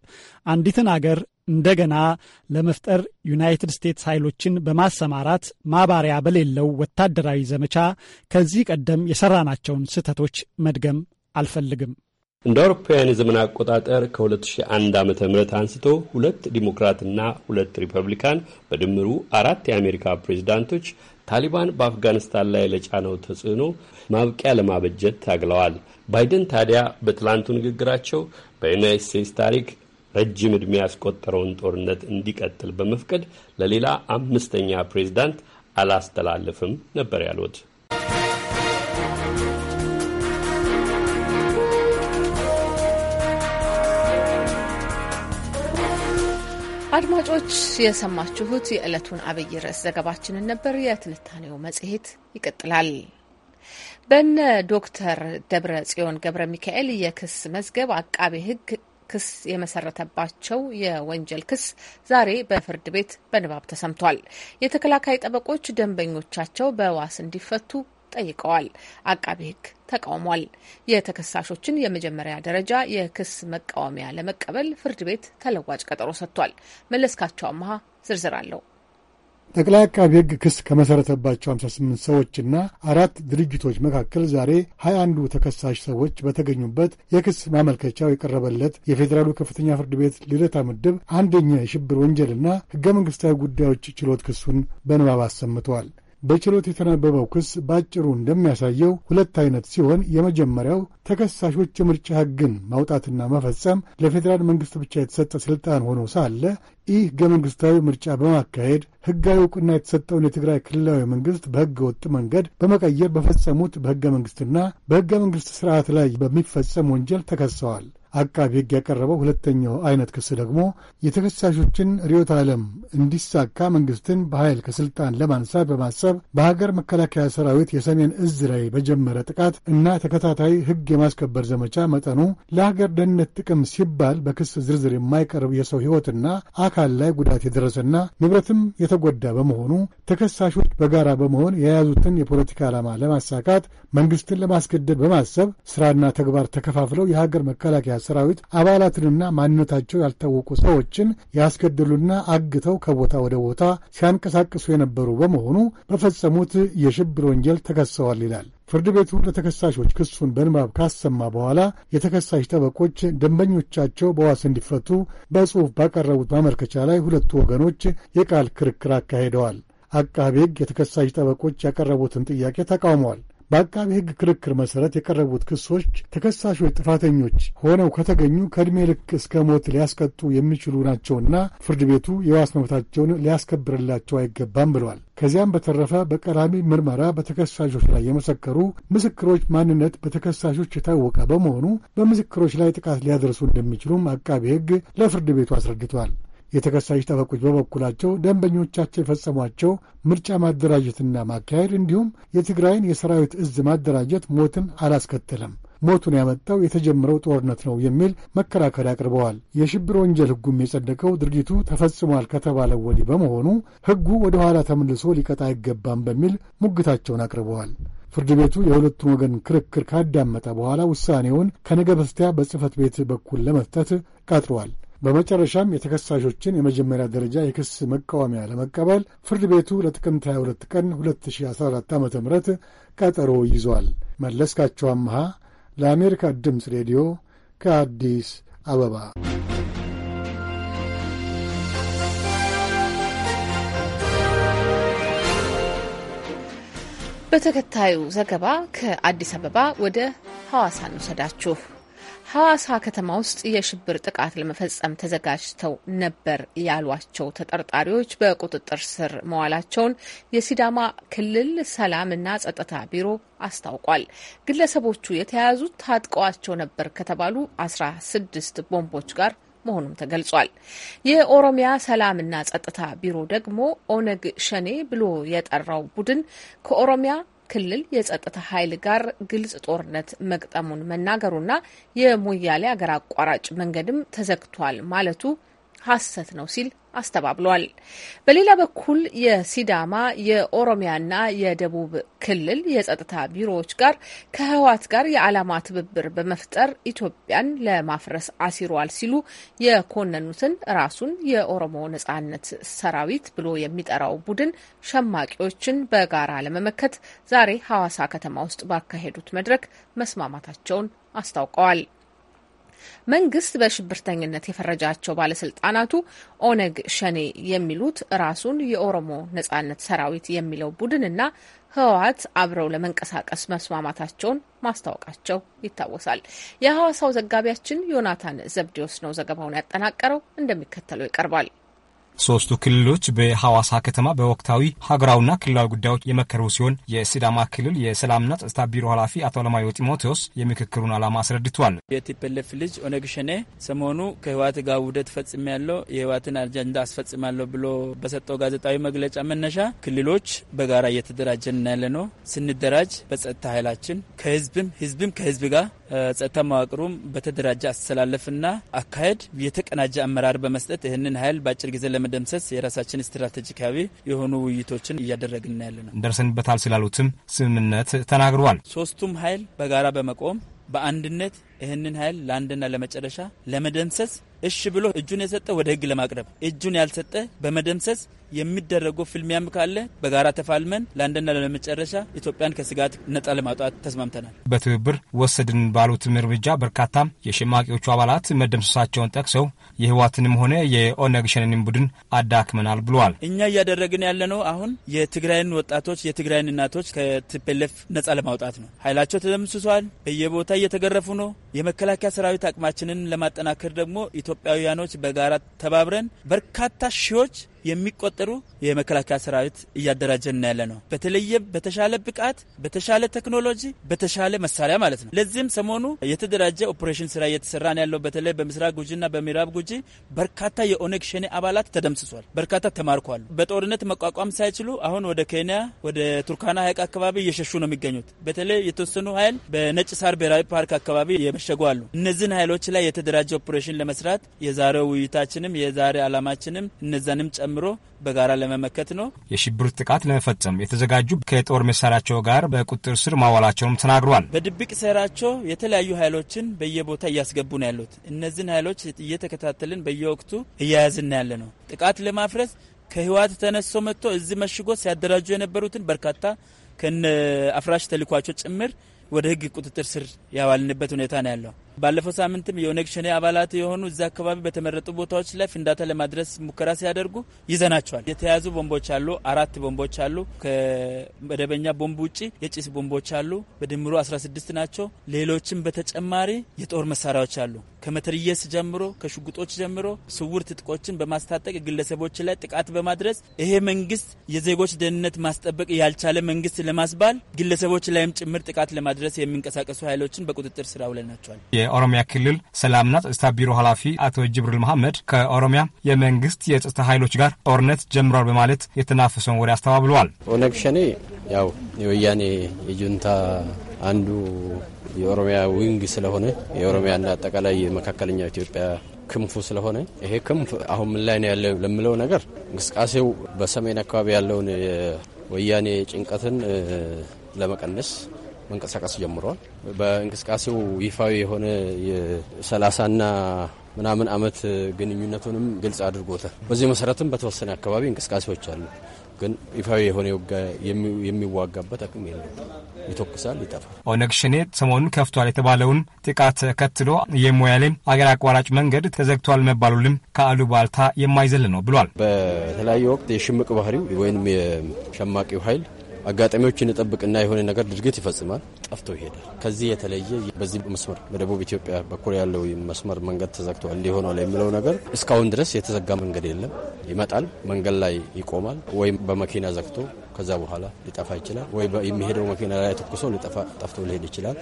አንዲትን አገር እንደገና ለመፍጠር ዩናይትድ ስቴትስ ኃይሎችን በማሰማራት ማባሪያ በሌለው ወታደራዊ ዘመቻ ከዚህ ቀደም የሰራናቸውን ስህተቶች መድገም አልፈልግም። እንደ አውሮፓውያን የዘመን አቆጣጠር ከ2001 ዓ ም አንስቶ ሁለት ዲሞክራትና ሁለት ሪፐብሊካን በድምሩ አራት የአሜሪካ ፕሬዚዳንቶች ታሊባን በአፍጋኒስታን ላይ ለጫነው ተጽዕኖ ማብቂያ ለማበጀት ታግለዋል። ባይደን ታዲያ በትላንቱ ንግግራቸው በዩናይት ስቴትስ ታሪክ ረጅም ዕድሜ ያስቆጠረውን ጦርነት እንዲቀጥል በመፍቀድ ለሌላ አምስተኛ ፕሬዚዳንት አላስተላልፍም ነበር ያሉት። አድማጮች የሰማችሁት የዕለቱን አብይ ርዕስ ዘገባችንን ነበር። የትንታኔው መጽሔት ይቀጥላል። በነ ዶክተር ደብረ ጽዮን ገብረ ሚካኤል የክስ መዝገብ አቃቤ ሕግ ክስ የመሰረተባቸው የወንጀል ክስ ዛሬ በፍርድ ቤት በንባብ ተሰምቷል። የተከላካይ ጠበቆች ደንበኞቻቸው በዋስ እንዲፈቱ ጠይቀዋል። አቃቢ ሕግ ተቃውሟል። የተከሳሾችን የመጀመሪያ ደረጃ የክስ መቃወሚያ ለመቀበል ፍርድ ቤት ተለዋጭ ቀጠሮ ሰጥቷል። መለስካቸው አመሃ ዝርዝር አለው። ጠቅላይ አቃቢ ሕግ ክስ ከመሠረተባቸው 58 ሰዎችና አራት ድርጅቶች መካከል ዛሬ 21ዱ ተከሳሽ ሰዎች በተገኙበት የክስ ማመልከቻው የቀረበለት የፌዴራሉ ከፍተኛ ፍርድ ቤት ልደታ ምድብ አንደኛ የሽብር ወንጀልና ሕገ መንግሥታዊ ጉዳዮች ችሎት ክሱን በንባብ አሰምተዋል። በችሎት የተነበበው ክስ በአጭሩ እንደሚያሳየው ሁለት አይነት ሲሆን የመጀመሪያው ተከሳሾች የምርጫ ሕግን ማውጣትና መፈጸም ለፌዴራል መንግስት ብቻ የተሰጠ ስልጣን ሆኖ ሳለ ይህ ሕገ ምርጫ በማካሄድ ሕጋዊ እውቅና የተሰጠውን የትግራይ ክልላዊ መንግስት በሕገ ወጥ መንገድ በመቀየር በፈጸሙት በሕገ መንግስትና በሕገ መንግስት ስርዓት ላይ በሚፈጸም ወንጀል ተከሰዋል። አቃቢ ሕግ ያቀረበው ሁለተኛው አይነት ክስ ደግሞ የተከሳሾችን ርዕዮተ ዓለም እንዲሳካ መንግሥትን በኃይል ከሥልጣን ለማንሳት በማሰብ በሀገር መከላከያ ሰራዊት የሰሜን እዝ ላይ በጀመረ ጥቃት እና ተከታታይ ሕግ የማስከበር ዘመቻ መጠኑ ለሀገር ደህንነት ጥቅም ሲባል በክስ ዝርዝር የማይቀርብ የሰው ሕይወትና አካል ላይ ጉዳት የደረሰና ንብረትም የተጎዳ በመሆኑ ተከሳሾች በጋራ በመሆን የያዙትን የፖለቲካ ዓላማ ለማሳካት መንግሥትን ለማስገደድ በማሰብ ሥራና ተግባር ተከፋፍለው የሀገር መከላከያ ሰራዊት አባላትንና ማንነታቸው ያልታወቁ ሰዎችን ያስገድሉና አግተው ከቦታ ወደ ቦታ ሲያንቀሳቅሱ የነበሩ በመሆኑ በፈጸሙት የሽብር ወንጀል ተከሰዋል ይላል። ፍርድ ቤቱ ለተከሳሾች ክሱን በንባብ ካሰማ በኋላ የተከሳሽ ጠበቆች ደንበኞቻቸው በዋስ እንዲፈቱ በጽሑፍ ባቀረቡት ማመልከቻ ላይ ሁለቱ ወገኖች የቃል ክርክር አካሂደዋል። አቃቤ ሕግ የተከሳሽ ጠበቆች ያቀረቡትን ጥያቄ ተቃውመዋል። በአቃቢ ሕግ ክርክር መሠረት የቀረቡት ክሶች ተከሳሾች ጥፋተኞች ሆነው ከተገኙ ከዕድሜ ልክ እስከ ሞት ሊያስቀጡ የሚችሉ ናቸውና ፍርድ ቤቱ የዋስ መብታቸውን ሊያስከብርላቸው አይገባም ብለዋል። ከዚያም በተረፈ በቀዳሚ ምርመራ በተከሳሾች ላይ የመሰከሩ ምስክሮች ማንነት በተከሳሾች የታወቀ በመሆኑ በምስክሮች ላይ ጥቃት ሊያደርሱ እንደሚችሉም አቃቢ ሕግ ለፍርድ ቤቱ አስረድቷል። የተከሳሽ ጠበቆች በበኩላቸው ደንበኞቻቸው የፈጸሟቸው ምርጫ ማደራጀትና ማካሄድ እንዲሁም የትግራይን የሰራዊት እዝ ማደራጀት ሞትን አላስከተለም፣ ሞቱን ያመጣው የተጀመረው ጦርነት ነው የሚል መከራከሪያ አቅርበዋል። የሽብር ወንጀል ሕጉም የጸደቀው ድርጊቱ ተፈጽሟል ከተባለው ወዲህ በመሆኑ ሕጉ ወደ ኋላ ተመልሶ ሊቀጣ አይገባም በሚል ሙግታቸውን አቅርበዋል። ፍርድ ቤቱ የሁለቱን ወገን ክርክር ካዳመጠ በኋላ ውሳኔውን ከነገ በስቲያ በጽህፈት ቤት በኩል ለመስጠት ቀጥሯል። በመጨረሻም የተከሳሾችን የመጀመሪያ ደረጃ የክስ መቃወሚያ ለመቀበል ፍርድ ቤቱ ለጥቅምት 22 ቀን 2014 ዓ ም ቀጠሮ ይዟል። መለስካቸው አምሃ ለአሜሪካ ድምፅ ሬዲዮ ከአዲስ አበባ በተከታዩ ዘገባ ከአዲስ አበባ ወደ ሐዋሳ እንውሰዳችሁ። ሐዋሳ ከተማ ውስጥ የሽብር ጥቃት ለመፈጸም ተዘጋጅተው ነበር ያሏቸው ተጠርጣሪዎች በቁጥጥር ስር መዋላቸውን የሲዳማ ክልል ሰላምና ጸጥታ ቢሮ አስታውቋል። ግለሰቦቹ የተያዙት ታጥቀዋቸው ነበር ከተባሉ አስራ ስድስት ቦምቦች ጋር መሆኑም ተገልጿል። የኦሮሚያ ሰላምና ጸጥታ ቢሮ ደግሞ ኦነግ ሸኔ ብሎ የጠራው ቡድን ከኦሮሚያ ክልል የጸጥታ ኃይል ጋር ግልጽ ጦርነት መግጠሙን መናገሩና የሞያሌ አገር አቋራጭ መንገድም ተዘግቷል ማለቱ ሐሰት ነው ሲል አስተባብሏል። በሌላ በኩል የሲዳማ የኦሮሚያና የደቡብ ክልል የጸጥታ ቢሮዎች ጋር ከህወሓት ጋር የዓላማ ትብብር በመፍጠር ኢትዮጵያን ለማፍረስ አሲሯል ሲሉ የኮነኑትን ራሱን የኦሮሞ ነጻነት ሰራዊት ብሎ የሚጠራው ቡድን ሸማቂዎችን በጋራ ለመመከት ዛሬ ሐዋሳ ከተማ ውስጥ ባካሄዱት መድረክ መስማማታቸውን አስታውቀዋል። መንግስት በሽብርተኝነት የፈረጃቸው ባለስልጣናቱ ኦነግ ሸኔ የሚሉት ራሱን የኦሮሞ ነጻነት ሰራዊት የሚለው ቡድንና ህወሓት አብረው ለመንቀሳቀስ መስማማታቸውን ማስታወቃቸው ይታወሳል። የሐዋሳው ዘጋቢያችን ዮናታን ዘብዲዎስ ነው ዘገባውን ያጠናቀረው፣ እንደሚከተለው ይቀርባል። ሶስቱ ክልሎች በሐዋሳ ከተማ በወቅታዊ ሀገራዊና ክልላዊ ጉዳዮች የመከሩ ሲሆን የሲዳማ ክልል የሰላምና ጸጥታ ቢሮ ኃላፊ አቶ አለማዮ ጢሞቴዎስ የምክክሩን ዓላማ አስረድቷል። የቲፒኤልኤፍ ልጅ ኦነግ ሸኔ ሰሞኑ ከህወሓት ጋር ውህደት ፈጽሜያለሁ፣ የህወሓትን አጀንዳ አስፈጽማለሁ ብሎ በሰጠው ጋዜጣዊ መግለጫ መነሻ ክልሎች በጋራ እየተደራጀን ያለ ነው። ስንደራጅ በጸጥታ ኃይላችን ከህዝብም ህዝብም ከህዝብ ጋር ጸጥታ መዋቅሩም በተደራጀ አስተላለፍና አካሄድ የተቀናጀ አመራር በመስጠት ይህንን ኃይል በአጭር ጊዜ ለመደምሰስ የራሳችን ስትራቴጂካዊ የሆኑ ውይይቶችን እያደረግን ያለ ነው። ደርሰንበታል ስላሉትም ስምምነት ተናግሯል። ሶስቱም ኃይል በጋራ በመቆም በአንድነት ይህንን ኃይል ለአንድና ለመጨረሻ ለመደምሰስ እሺ ብሎ እጁን የሰጠ ወደ ህግ ለማቅረብ እጁን ያልሰጠ በመደምሰስ የሚደረገው ፍልሚያም ካለ በጋራ ተፋልመን ለአንድና ለመጨረሻ ኢትዮጵያን ከስጋት ነጻ ለማውጣት ተስማምተናል። በትብብር ወሰድን ባሉትም እርምጃ በርካታ የሸማቂዎቹ አባላት መደምሰሳቸውን ጠቅሰው የህወሓትንም ሆነ የኦነግ ሸኔንም ቡድን አዳክመናል ብለዋል። እኛ እያደረግን ያለነው አሁን የትግራይን ወጣቶች የትግራይን እናቶች ከትፔለፍ ነጻ ለማውጣት ነው። ኃይላቸው ተደምስሷል። በየቦታ እየተገረፉ ነው። የመከላከያ ሰራዊት አቅማችንን ለማጠናከር ደግሞ ኢትዮጵያውያኖች በጋራ ተባብረን በርካታ ሺዎች የሚቆጠሩ የመከላከያ ሰራዊት እያደራጀ ያለ ነው። በተለየ በተሻለ ብቃት፣ በተሻለ ቴክኖሎጂ፣ በተሻለ መሳሪያ ማለት ነው። ለዚህም ሰሞኑ የተደራጀ ኦፕሬሽን ስራ እየተሰራ ነው ያለው። በተለይ በምስራቅ ጉጂና በምዕራብ ጉጂ በርካታ የኦነግ ሸኔ አባላት ተደምስሷል። በርካታ ተማርኳሉ። በጦርነት መቋቋም ሳይችሉ አሁን ወደ ኬንያ ወደ ቱርካና ሀይቅ አካባቢ እየሸሹ ነው የሚገኙት። በተለይ የተወሰኑ ሀይል በነጭ ሳር ብሔራዊ ፓርክ አካባቢ የመሸጉ አሉ። እነዚህን ሀይሎች ላይ የተደራጀ ኦፕሬሽን ለመስራት የዛሬው ውይይታችንም የዛሬ አላማችንም እነዛንም ጨምሮ ጀምሮ በጋራ ለመመከት ነው። የሽብር ጥቃት ለመፈጸም የተዘጋጁ ከጦር መሳሪያቸው ጋር በቁጥጥር ስር ማዋላቸውም ተናግሯል። በድብቅ ስራቸው የተለያዩ ኃይሎችን በየቦታ እያስገቡ ነው ያሉት። እነዚህን ኃይሎች እየተከታተልን በየወቅቱ እያያዝና ያለ ነው ጥቃት ለማፍረስ ከህወሓት ተነሶ መጥቶ እዚህ መሽጎ ሲያደራጁ የነበሩትን በርካታ ከነ አፍራሽ ተልኳቸው ጭምር ወደ ህግ ቁጥጥር ስር ያዋልንበት ሁኔታ ነው ያለው። ባለፈው ሳምንትም የኦነግ ሸኔ አባላት የሆኑ እዚ አካባቢ በተመረጡ ቦታዎች ላይ ፍንዳታ ለማድረስ ሙከራ ሲያደርጉ ይዘናቸዋል። የተያዙ ቦምቦች አሉ። አራት ቦምቦች አሉ። ከመደበኛ ቦምብ ውጭ የጭስ ቦምቦች አሉ። በድምሩ 16 ናቸው። ሌሎችም በተጨማሪ የጦር መሳሪያዎች አሉ። ከመትርየስ ጀምሮ ከሽጉጦች ጀምሮ ስውር ትጥቆችን በማስታጠቅ ግለሰቦች ላይ ጥቃት በማድረስ ይሄ መንግስት የዜጎች ደህንነት ማስጠበቅ ያልቻለ መንግስት ለማስባል ግለሰቦች ላይም ጭምር ጥቃት ለማድረስ የሚንቀሳቀሱ ኃይሎችን በቁጥጥር ስር አውለናቸዋል። የኦሮሚያ ክልል ሰላምና ጸጥታ ቢሮ ኃላፊ አቶ ጅብሪል መሐመድ ከኦሮሚያ የመንግስት የጸጥታ ኃይሎች ጋር ጦርነት ጀምሯል በማለት የተናፈሰውን ወሬ አስተባብለዋል። ኦነግ ሸኔ ያው የወያኔ የጁንታ አንዱ የኦሮሚያ ዊንግ ስለሆነ የኦሮሚያና አጠቃላይ የመካከለኛው ኢትዮጵያ ክንፉ ስለሆነ ይሄ ክንፍ አሁን ምን ላይ ነው ያለ ለምለው ነገር እንቅስቃሴው በሰሜን አካባቢ ያለውን ወያኔ ጭንቀትን ለመቀነስ መንቀሳቀስ ጀምረዋል። በእንቅስቃሴው ይፋዊ የሆነ የሰላሳና ምናምን አመት ግንኙነቱንም ግልጽ አድርጎታል። በዚህ መሰረትም በተወሰነ አካባቢ እንቅስቃሴዎች አሉ። ግን ይፋዊ የሆነ የሚዋጋበት አቅም የለም። ይተኩሳል፣ ይጠፋል። ኦነግ ሸኔ ሰሞኑን ከፍቷል የተባለውን ጥቃት ተከትሎ የሞያሌም አገር አቋራጭ መንገድ ተዘግቷል መባሉልም ከአሉባልታ የማይዘል ነው ብሏል። በተለያየ ወቅት የሽምቅ ባህሪው ወይም የሸማቂው ኃይል አጋጣሚዎችን ይጠብቅና የሆነ ነገር ድርጊት ይፈጽማል፣ ጠፍቶ ይሄዳል። ከዚህ የተለየ በዚህ መስመር በደቡብ ኢትዮጵያ በኩል ያለው መስመር መንገድ ተዘግተዋል እንዲሆነ የሚለው ነገር እስካሁን ድረስ የተዘጋ መንገድ የለም። ይመጣል፣ መንገድ ላይ ይቆማል፣ ወይም በመኪና ዘግቶ ከዛ በኋላ ሊጠፋ ይችላል ወይ የሚሄደው መኪና ላይ ተኩሶ ጠፍቶ ሊሄድ ይችላል።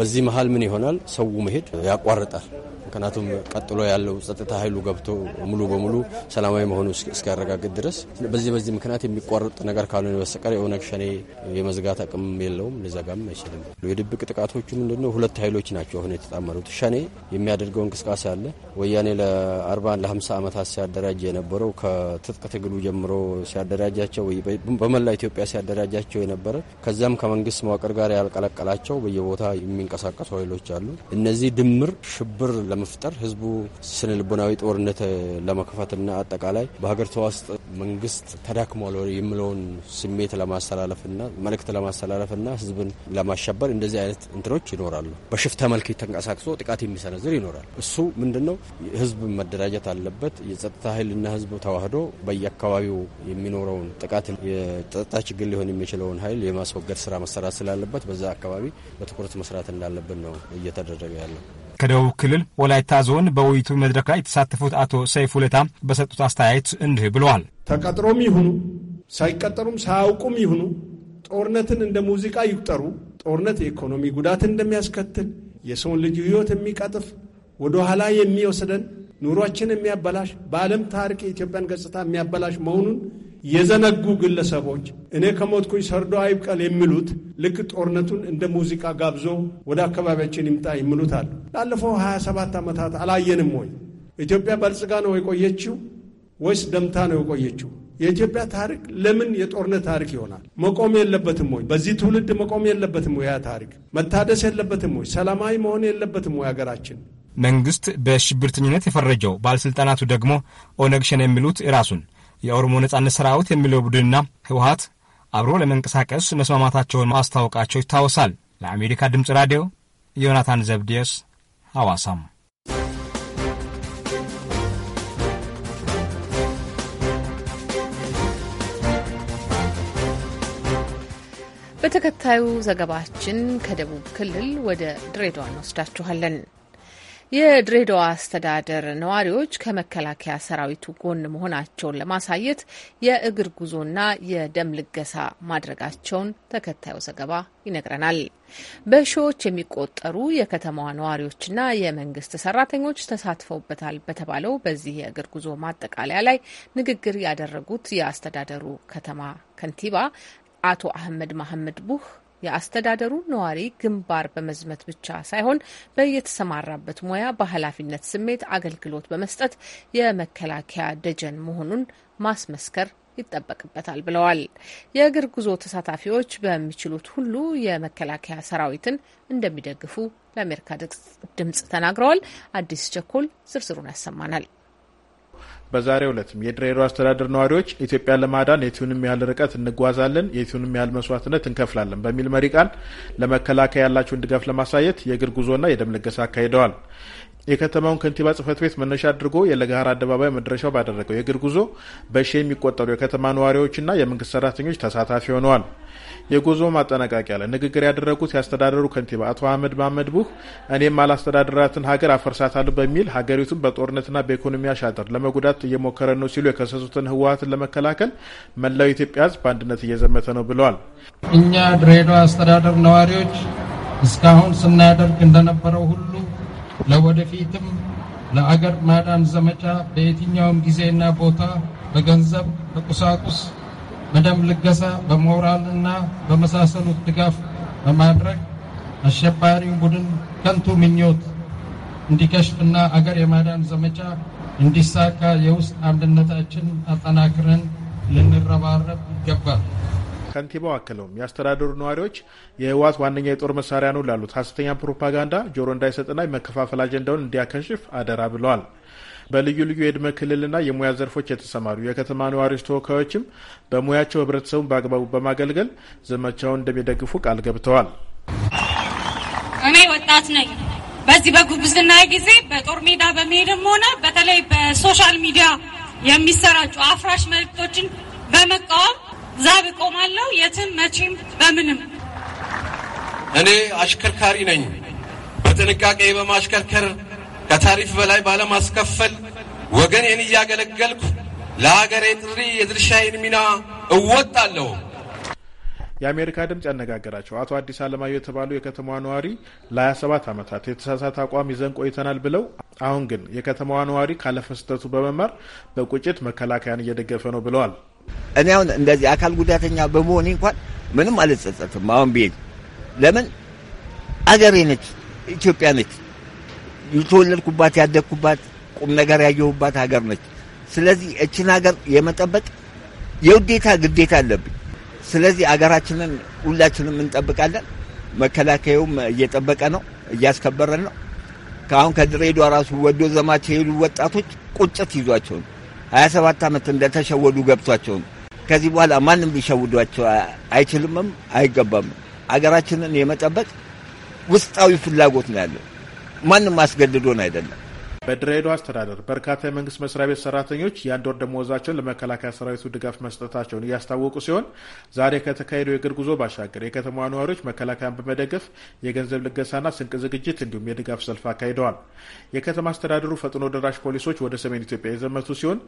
በዚህ መሀል ምን ይሆናል? ሰው መሄድ ያቋርጣል። ምክንያቱም ቀጥሎ ያለው ጸጥታ ኃይሉ ገብቶ ሙሉ በሙሉ ሰላማዊ መሆኑ እስኪያረጋግጥ ድረስ በዚህ በዚህ ምክንያት የሚቋረጥ ነገር ካልሆነ በስተቀር የኦነግ ሸኔ የመዝጋት አቅም የለውም፣ ሊዘጋም አይችልም። የድብቅ ጥቃቶቹ ምንድነው? ሁለት ኃይሎች ናቸው አሁን የተጣመሩት። ሸኔ የሚያደርገው እንቅስቃሴ አለ። ወያኔ ለ40 ለ ዓመታት ሲያደራጅ የነበረው ከትጥቅ ትግሉ ጀምሮ ሲያደራጃቸው በመላ ኢትዮጵያ ሲያደራጃቸው የነበረ ከዚያም ከመንግስት መዋቅር ጋር ያልቀለቀላቸው በየቦታ የሚንቀሳቀሱ ኃይሎች አሉ። እነዚህ ድምር ሽብር ለመፍጠር ህዝቡ ስነ ልቦናዊ ጦርነት ለመክፈትና አጠቃላይ በሀገሪቷ ውስጥ መንግስት ተዳክሟል የሚለውን ስሜት ለማስተላለፍና መልእክት ለማስተላለፍና ህዝብን ለማሸበር እንደዚህ አይነት እንትኖች ይኖራሉ። በሽፍተ መልክ ተንቀሳቅሶ ጥቃት የሚሰነዝር ይኖራል። እሱ ምንድን ነው? ህዝብ መደራጀት አለበት። የጸጥታ ኃይልና ህዝብ ተዋህዶ በየአካባቢው የሚኖረውን ጥቃት የጸጥታ ችግር ሊሆን የሚችለውን ኃይል የማስወገድ ስራ መሰራት ስላለበት በዛ አካባቢ በትኩረት መስራት እንዳለብን ነው እየተደረገ ያለው። ከደቡብ ክልል ወላይታ ዞን በውይይቱ መድረክ ላይ የተሳተፉት አቶ ሰይፉ ለታ በሰጡት አስተያየት እንዲህ ብለዋል። ተቀጥሮም ይሁኑ ሳይቀጠሩም ሳያውቁም ይሁኑ ጦርነትን እንደ ሙዚቃ ይቁጠሩ። ጦርነት የኢኮኖሚ ጉዳት እንደሚያስከትል የሰውን ልጅ ህይወት የሚቀጥፍ ወደ ኋላ የሚወስደን ኑሯችን የሚያበላሽ በዓለም ታሪክ የኢትዮጵያን ገጽታ የሚያበላሽ መሆኑን የዘነጉ ግለሰቦች እኔ ከሞትኩኝ ሰርዶ አይብቀል የሚሉት ልክ ጦርነቱን እንደ ሙዚቃ ጋብዞ ወደ አካባቢያችን ይምጣ የሚሉት አሉ። ላለፈው 27 ዓመታት አላየንም ወይ? ኢትዮጵያ በልጽጋ ነው የቆየችው ወይስ ደምታ ነው የቆየችው? የኢትዮጵያ ታሪክ ለምን የጦርነት ታሪክ ይሆናል? መቆም የለበትም ወይ? በዚህ ትውልድ መቆም የለበትም ወይ? ያ ታሪክ መታደስ የለበትም ወይ? ሰላማዊ መሆን የለበትም ወይ? ሀገራችን መንግስት በሽብርተኝነት የፈረጀው ባለሥልጣናቱ ደግሞ ኦነግ ሸኔ የሚሉት ራሱን የኦሮሞ ነጻነት ሰራዊት የሚለው ቡድንና ህወሀት አብሮ ለመንቀሳቀስ መስማማታቸውን ማስታወቃቸው ይታወሳል። ለአሜሪካ ድምፅ ራዲዮ ዮናታን ዘብዴዎስ ሐዋሳም በተከታዩ ዘገባችን ከደቡብ ክልል ወደ ድሬዳዋ እንወስዳችኋለን። የድሬዳዋ አስተዳደር ነዋሪዎች ከመከላከያ ሰራዊቱ ጎን መሆናቸውን ለማሳየት የእግር ጉዞና የደም ልገሳ ማድረጋቸውን ተከታዩ ዘገባ ይነግረናል። በሺዎች የሚቆጠሩ የከተማዋ ነዋሪዎችና የመንግስት ሰራተኞች ተሳትፈውበታል በተባለው በዚህ የእግር ጉዞ ማጠቃለያ ላይ ንግግር ያደረጉት የአስተዳደሩ ከተማ ከንቲባ አቶ አህመድ መሐመድ ቡህ የአስተዳደሩ ነዋሪ ግንባር በመዝመት ብቻ ሳይሆን በየተሰማራበት ሙያ በኃላፊነት ስሜት አገልግሎት በመስጠት የመከላከያ ደጀን መሆኑን ማስመስከር ይጠበቅበታል ብለዋል። የእግር ጉዞ ተሳታፊዎች በሚችሉት ሁሉ የመከላከያ ሰራዊትን እንደሚደግፉ ለአሜሪካ ድምጽ ተናግረዋል። አዲስ ቸኮል ዝርዝሩን ያሰማናል። በዛሬው ዕለትም የድሬዳዋ አስተዳደር ነዋሪዎች ኢትዮጵያን ለማዳን የቱንም ያህል ርቀት እንጓዛለን፣ የቱንም ያህል መስዋዕትነት እንከፍላለን በሚል መሪ ቃል ለመከላከያ ያላቸውን ድጋፍ ለማሳየት የእግር ጉዞና የደም ልገሳ አካሂደዋል። የከተማውን ከንቲባ ጽህፈት ቤት መነሻ አድርጎ የለጋሃር አደባባይ መድረሻው ባደረገው የእግር ጉዞ በሺ የሚቆጠሩ የከተማ ነዋሪዎችና የመንግስት ሰራተኞች ተሳታፊ ሆነዋል። የጉዞ ማጠናቀቂያ ላይ ንግግር ያደረጉት ያስተዳደሩ ከንቲባ አቶ አህመድ ማህመድ ቡህ እኔም አላስተዳደራትን ሀገር አፈርሳታሉ በሚል ሀገሪቱን በጦርነትና በኢኮኖሚ አሻጥር ለመጉዳት እየሞከረ ነው ሲሉ የከሰሱትን ህወሀትን ለመከላከል መላው ኢትዮጵያ ህዝብ በአንድነት እየዘመተ ነው ብለዋል። እኛ ድሬዳዋ አስተዳደር ነዋሪዎች እስካሁን ስናደርግ እንደነበረው ሁሉ ለወደፊትም ለአገር ማዳን ዘመቻ በየትኛውም ጊዜና ቦታ በገንዘብ፣ በቁሳቁስ በደም ልገሳ፣ በሞራል እና በመሳሰሉት ድጋፍ በማድረግ አሸባሪው ቡድን ከንቱ ምኞት እንዲከሽፍና አገር የማዳን ዘመቻ እንዲሳካ የውስጥ አንድነታችን አጠናክረን ልንረባረብ ይገባል። ከንቲባው አክለውም የአስተዳደሩ ነዋሪዎች የህወሓት ዋነኛ የጦር መሳሪያ ነው ላሉት ሀሰተኛ ፕሮፓጋንዳ ጆሮ እንዳይሰጥና የመከፋፈል አጀንዳውን እንዲያከሽፍ አደራ ብለዋል። በልዩ ልዩ የእድሜ ክልልና የሙያ ዘርፎች የተሰማሩ የከተማ ነዋሪዎች ተወካዮችም በሙያቸው ህብረተሰቡን በአግባቡ በማገልገል ዘመቻውን እንደሚደግፉ ቃል ገብተዋል። እኔ ወጣት ነኝ። በዚህ በጉብዝና ጊዜ በጦር ሜዳ በመሄድም ሆነ በተለይ በሶሻል ሚዲያ የሚሰራጩ አፍራሽ መልእክቶችን በመቃወም ዛብ እቆማለሁ። የትም መቼም በምንም። እኔ አሽከርካሪ ነኝ። በጥንቃቄ በማሽከርከር ከታሪፍ በላይ ባለማስከፈል ወገኔን እያገለገልኩ ለሀገሬ ጥሪ የድርሻዬን ሚና እወጣለሁ። የአሜሪካ ድምፅ ያነጋገራቸው አቶ አዲስ አለማየሁ የተባሉ የከተማዋ ነዋሪ ለ27 ዓመታት የተሳሳተ አቋም ይዘን ቆይተናል ብለው አሁን ግን የከተማዋ ነዋሪ ካለፈስተቱ በመማር በቁጭት መከላከያን እየደገፈ ነው ብለዋል። እኔ አሁን እንደዚህ አካል ጉዳተኛ በመሆኔ እንኳን ምንም አልጸጸትም። አሁን ብሄድ ለምን አገሬ ነች፣ ኢትዮጵያ ነች። የተወለድኩባት ያደግኩባት ቁም ነገር ያየሁባት ሀገር ነች። ስለዚህ እችን ሀገር የመጠበቅ የውዴታ ግዴታ አለብኝ። ስለዚህ ሀገራችንን ሁላችንም እንጠብቃለን። መከላከያውም እየጠበቀ ነው፣ እያስከበረን ነው። ከአሁን ከድሬዳዋ ራሱ ወዶ ዘማቸው የሄዱ ወጣቶች ቁጭት ይዟቸው ነው። ሀያ ሰባት ዓመት እንደተሸወዱ ገብቷቸው ነው። ከዚህ በኋላ ማንም ሊሸውዷቸው አይችልምም አይገባም። ሀገራችንን የመጠበቅ ውስጣዊ ፍላጎት ነው ያለው። ማንም አስገድዶን አይደለም። በድሬዳዋ አስተዳደር በርካታ የመንግስት መስሪያ ቤት ሰራተኞች የአንድ ወር ደመወዛቸውን ለመከላከያ ሰራዊቱ ድጋፍ መስጠታቸውን እያስታወቁ ሲሆን ዛሬ ከተካሄደው የእግር ጉዞ ባሻገር የከተማዋ ነዋሪዎች መከላከያን በመደገፍ የገንዘብ ልገሳና ስንቅ ዝግጅት እንዲሁም የድጋፍ ሰልፍ አካሂደዋል። የከተማ አስተዳደሩ ፈጥኖ ደራሽ ፖሊሶች ወደ ሰሜን ኢትዮጵያ የዘመቱ ሲሆን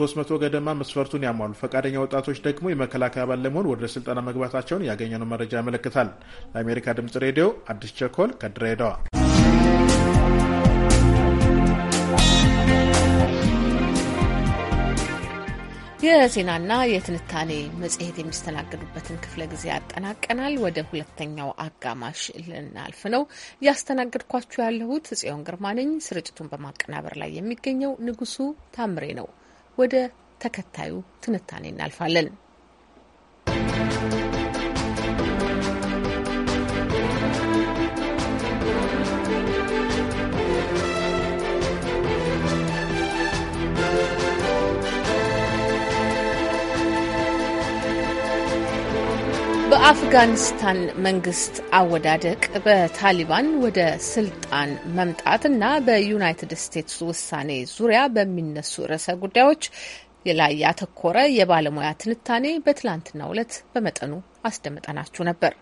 ሶስት መቶ ገደማ መስፈርቱን ያሟሉ ፈቃደኛ ወጣቶች ደግሞ የመከላከያ አባል ለመሆን ወደ ስልጠና መግባታቸውን ያገኘነው መረጃ ያመለክታል። ለአሜሪካ ድምጽ ሬዲዮ አዲስ ቸኮል ከድሬዳዋ የዜናና የትንታኔ መጽሔት የሚስተናገዱበትን ክፍለ ጊዜ ያጠናቀናል። ወደ ሁለተኛው አጋማሽ ልናልፍ ነው። እያስተናገድኳችሁ ያለሁት ጽዮን ግርማ ነኝ። ስርጭቱን በማቀናበር ላይ የሚገኘው ንጉሱ ታምሬ ነው። ወደ ተከታዩ ትንታኔ እናልፋለን። የአፍጋኒስታን መንግስት አወዳደቅ በታሊባን ወደ ስልጣን መምጣትና በዩናይትድ ስቴትስ ውሳኔ ዙሪያ በሚነሱ ርዕሰ ጉዳዮች ላይ ያተኮረ የባለሙያ ትንታኔ በትላንትናው ዕለት በመጠኑ አስደምጠናችሁ ነበር።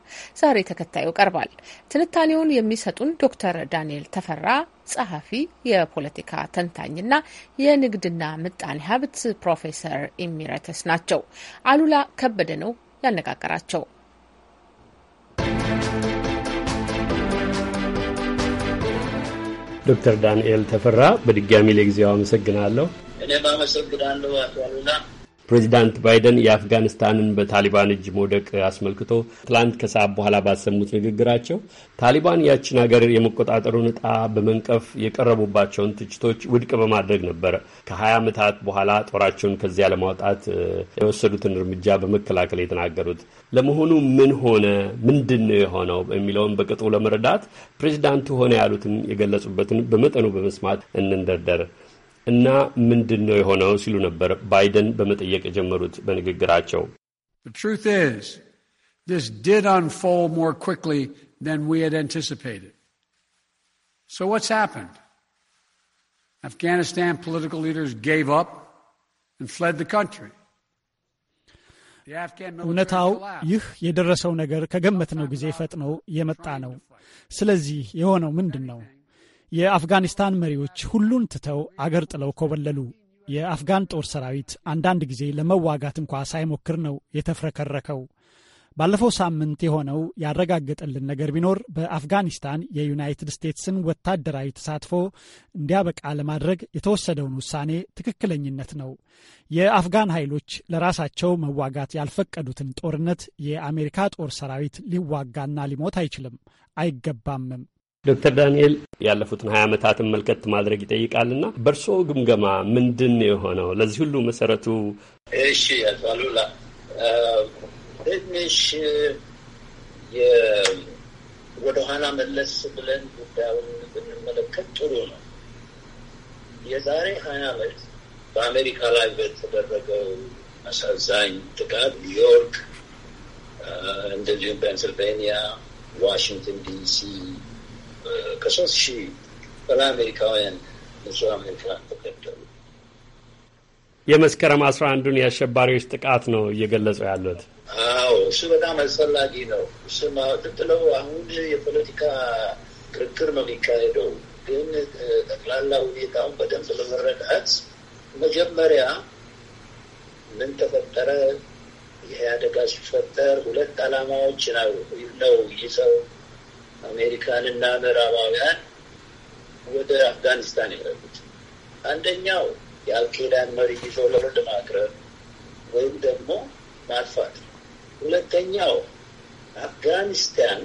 ዛሬ ተከታዩ ቀርባል። ትንታኔውን የሚሰጡን ዶክተር ዳንኤል ተፈራ ጸሐፊ፣ የፖለቲካ ተንታኝና የንግድና ምጣኔ ሀብት ፕሮፌሰር ኢሚረተስ ናቸው። አሉላ ከበደ ነው ያነጋገራቸው። ዶክተር ዳንኤል ተፈራ በድጋሚ ለጊዜው አመሰግናለሁ። እኔም አመሰግናለሁ አቶ አሉላ። ፕሬዚዳንት ባይደን የአፍጋኒስታንን በታሊባን እጅ መውደቅ አስመልክቶ ትላንት ከሰዓት በኋላ ባሰሙት ንግግራቸው ታሊባን ያችን ሀገር የመቆጣጠሩን እጣ በመንቀፍ የቀረቡባቸውን ትችቶች ውድቅ በማድረግ ነበር ከ20 ዓመታት በኋላ ጦራቸውን ከዚያ ለማውጣት የወሰዱትን እርምጃ በመከላከል የተናገሩት። ለመሆኑ ምን ሆነ ምንድን ነው የሆነው የሚለውን በቅጡ ለመረዳት ፕሬዚዳንቱ ሆነ ያሉትን የገለጹበትን በመጠኑ በመስማት እንንደርደር። እና ምንድን ነው የሆነው ሲሉ ነበር ባይደን በመጠየቅ የጀመሩት በንግግራቸው። እውነታው ይህ የደረሰው ነገር ከገመትነው ጊዜ ፈጥኖ የመጣ ነው። ስለዚህ የሆነው ምንድን ነው? የአፍጋኒስታን መሪዎች ሁሉን ትተው አገር ጥለው ኮበለሉ። የአፍጋን ጦር ሰራዊት አንዳንድ ጊዜ ለመዋጋት እንኳ ሳይሞክር ነው የተፍረከረከው። ባለፈው ሳምንት የሆነው ያረጋገጠልን ነገር ቢኖር በአፍጋኒስታን የዩናይትድ ስቴትስን ወታደራዊ ተሳትፎ እንዲያበቃ ለማድረግ የተወሰደውን ውሳኔ ትክክለኝነት ነው። የአፍጋን ኃይሎች ለራሳቸው መዋጋት ያልፈቀዱትን ጦርነት የአሜሪካ ጦር ሰራዊት ሊዋጋና ሊሞት አይችልም፣ አይገባምም። ዶክተር ዳንኤል ያለፉትን ሀያ ዓመታትን መልከት ማድረግ ይጠይቃልና በእርስዎ ግምገማ ምንድን የሆነው ለዚህ ሁሉ መሰረቱ? እሺ፣ አቶ አሉላ ትንሽ ወደኋላ መለስ ብለን ጉዳዩን ብንመለከት ጥሩ ነው። የዛሬ ሀያ ዓመት በአሜሪካ ላይ በተደረገው አሳዛኝ ጥቃት ኒውዮርክ፣ እንደዚሁም ፔንስልቬኒያ፣ ዋሽንግተን ዲሲ ከሶስት ሺህ በላይ አሜሪካውያን ንጹህ አሜሪካውያን ተገደሉ። የመስከረም አስራ አንዱን የአሸባሪዎች ጥቃት ነው እየገለጹ ያሉት። አዎ እሱ በጣም አስፈላጊ ነው። እሱ ትትለው አሁን የፖለቲካ ክርክር ነው የሚካሄደው። ግን ጠቅላላ ሁኔታውን በደንብ ለመረዳት መጀመሪያ ምን ተፈጠረ፣ ይሄ አደጋ ሲፈጠር ሁለት አላማዎች ነው ይዘው አሜሪካንና ምዕራባውያን ወደ አፍጋኒስታን የረዱት አንደኛው የአልቃይዳን መሪ ይዞ ለፍርድ ማቅረብ ወይም ደግሞ ማጥፋት፣ ሁለተኛው አፍጋኒስታን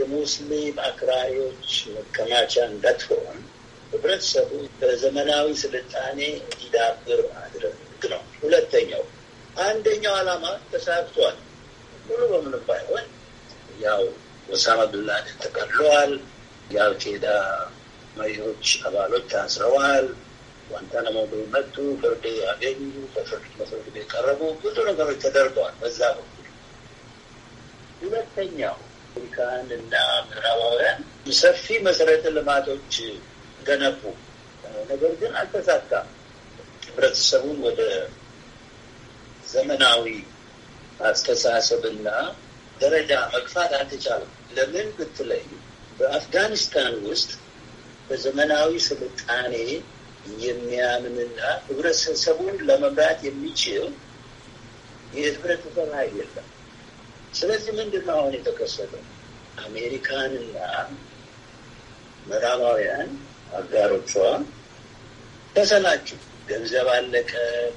የሙስሊም አክራሪዎች መከማቻ እንዳትሆን ህብረተሰቡ በዘመናዊ ስልጣኔ እንዲዳብር ማድረግ ነው። ሁለተኛው አንደኛው ዓላማ ተሳክቷል። ሙሉ በሙሉ ባይሆን ያው ኦሳማ ብንላደን ተገድለዋል። የአልቃይዳ መሪዎች አባሎች ታስረዋል። ጓንታናሞ ቤይ መጡ፣ ፍርድ ያገኙ፣ በፍርድ ቤት ቀረቡ። ብዙ ነገሮች ተደርገዋል። በዛ በኩል ሁለተኛው አፍሪካን እና ምዕራባውያን ሰፊ መሰረተ ልማቶች ገነቡ። ነገር ግን አልተሳካም። ህብረተሰቡን ወደ ዘመናዊ አስተሳሰብና ደረጃ መግፋት አልተቻለም። ለምን ብትለይ በአፍጋኒስታን ውስጥ በዘመናዊ ስልጣኔ የሚያምንና ህብረተሰቡን ለመምራት የሚችል የህብረተሰብ ኃይል የለም። ስለዚህ ምንድን ነው አሁን የተከሰተው? አሜሪካንና ምዕራባውያን አጋሮቿ ተሰላችሁ። ገንዘብ አለቀ፣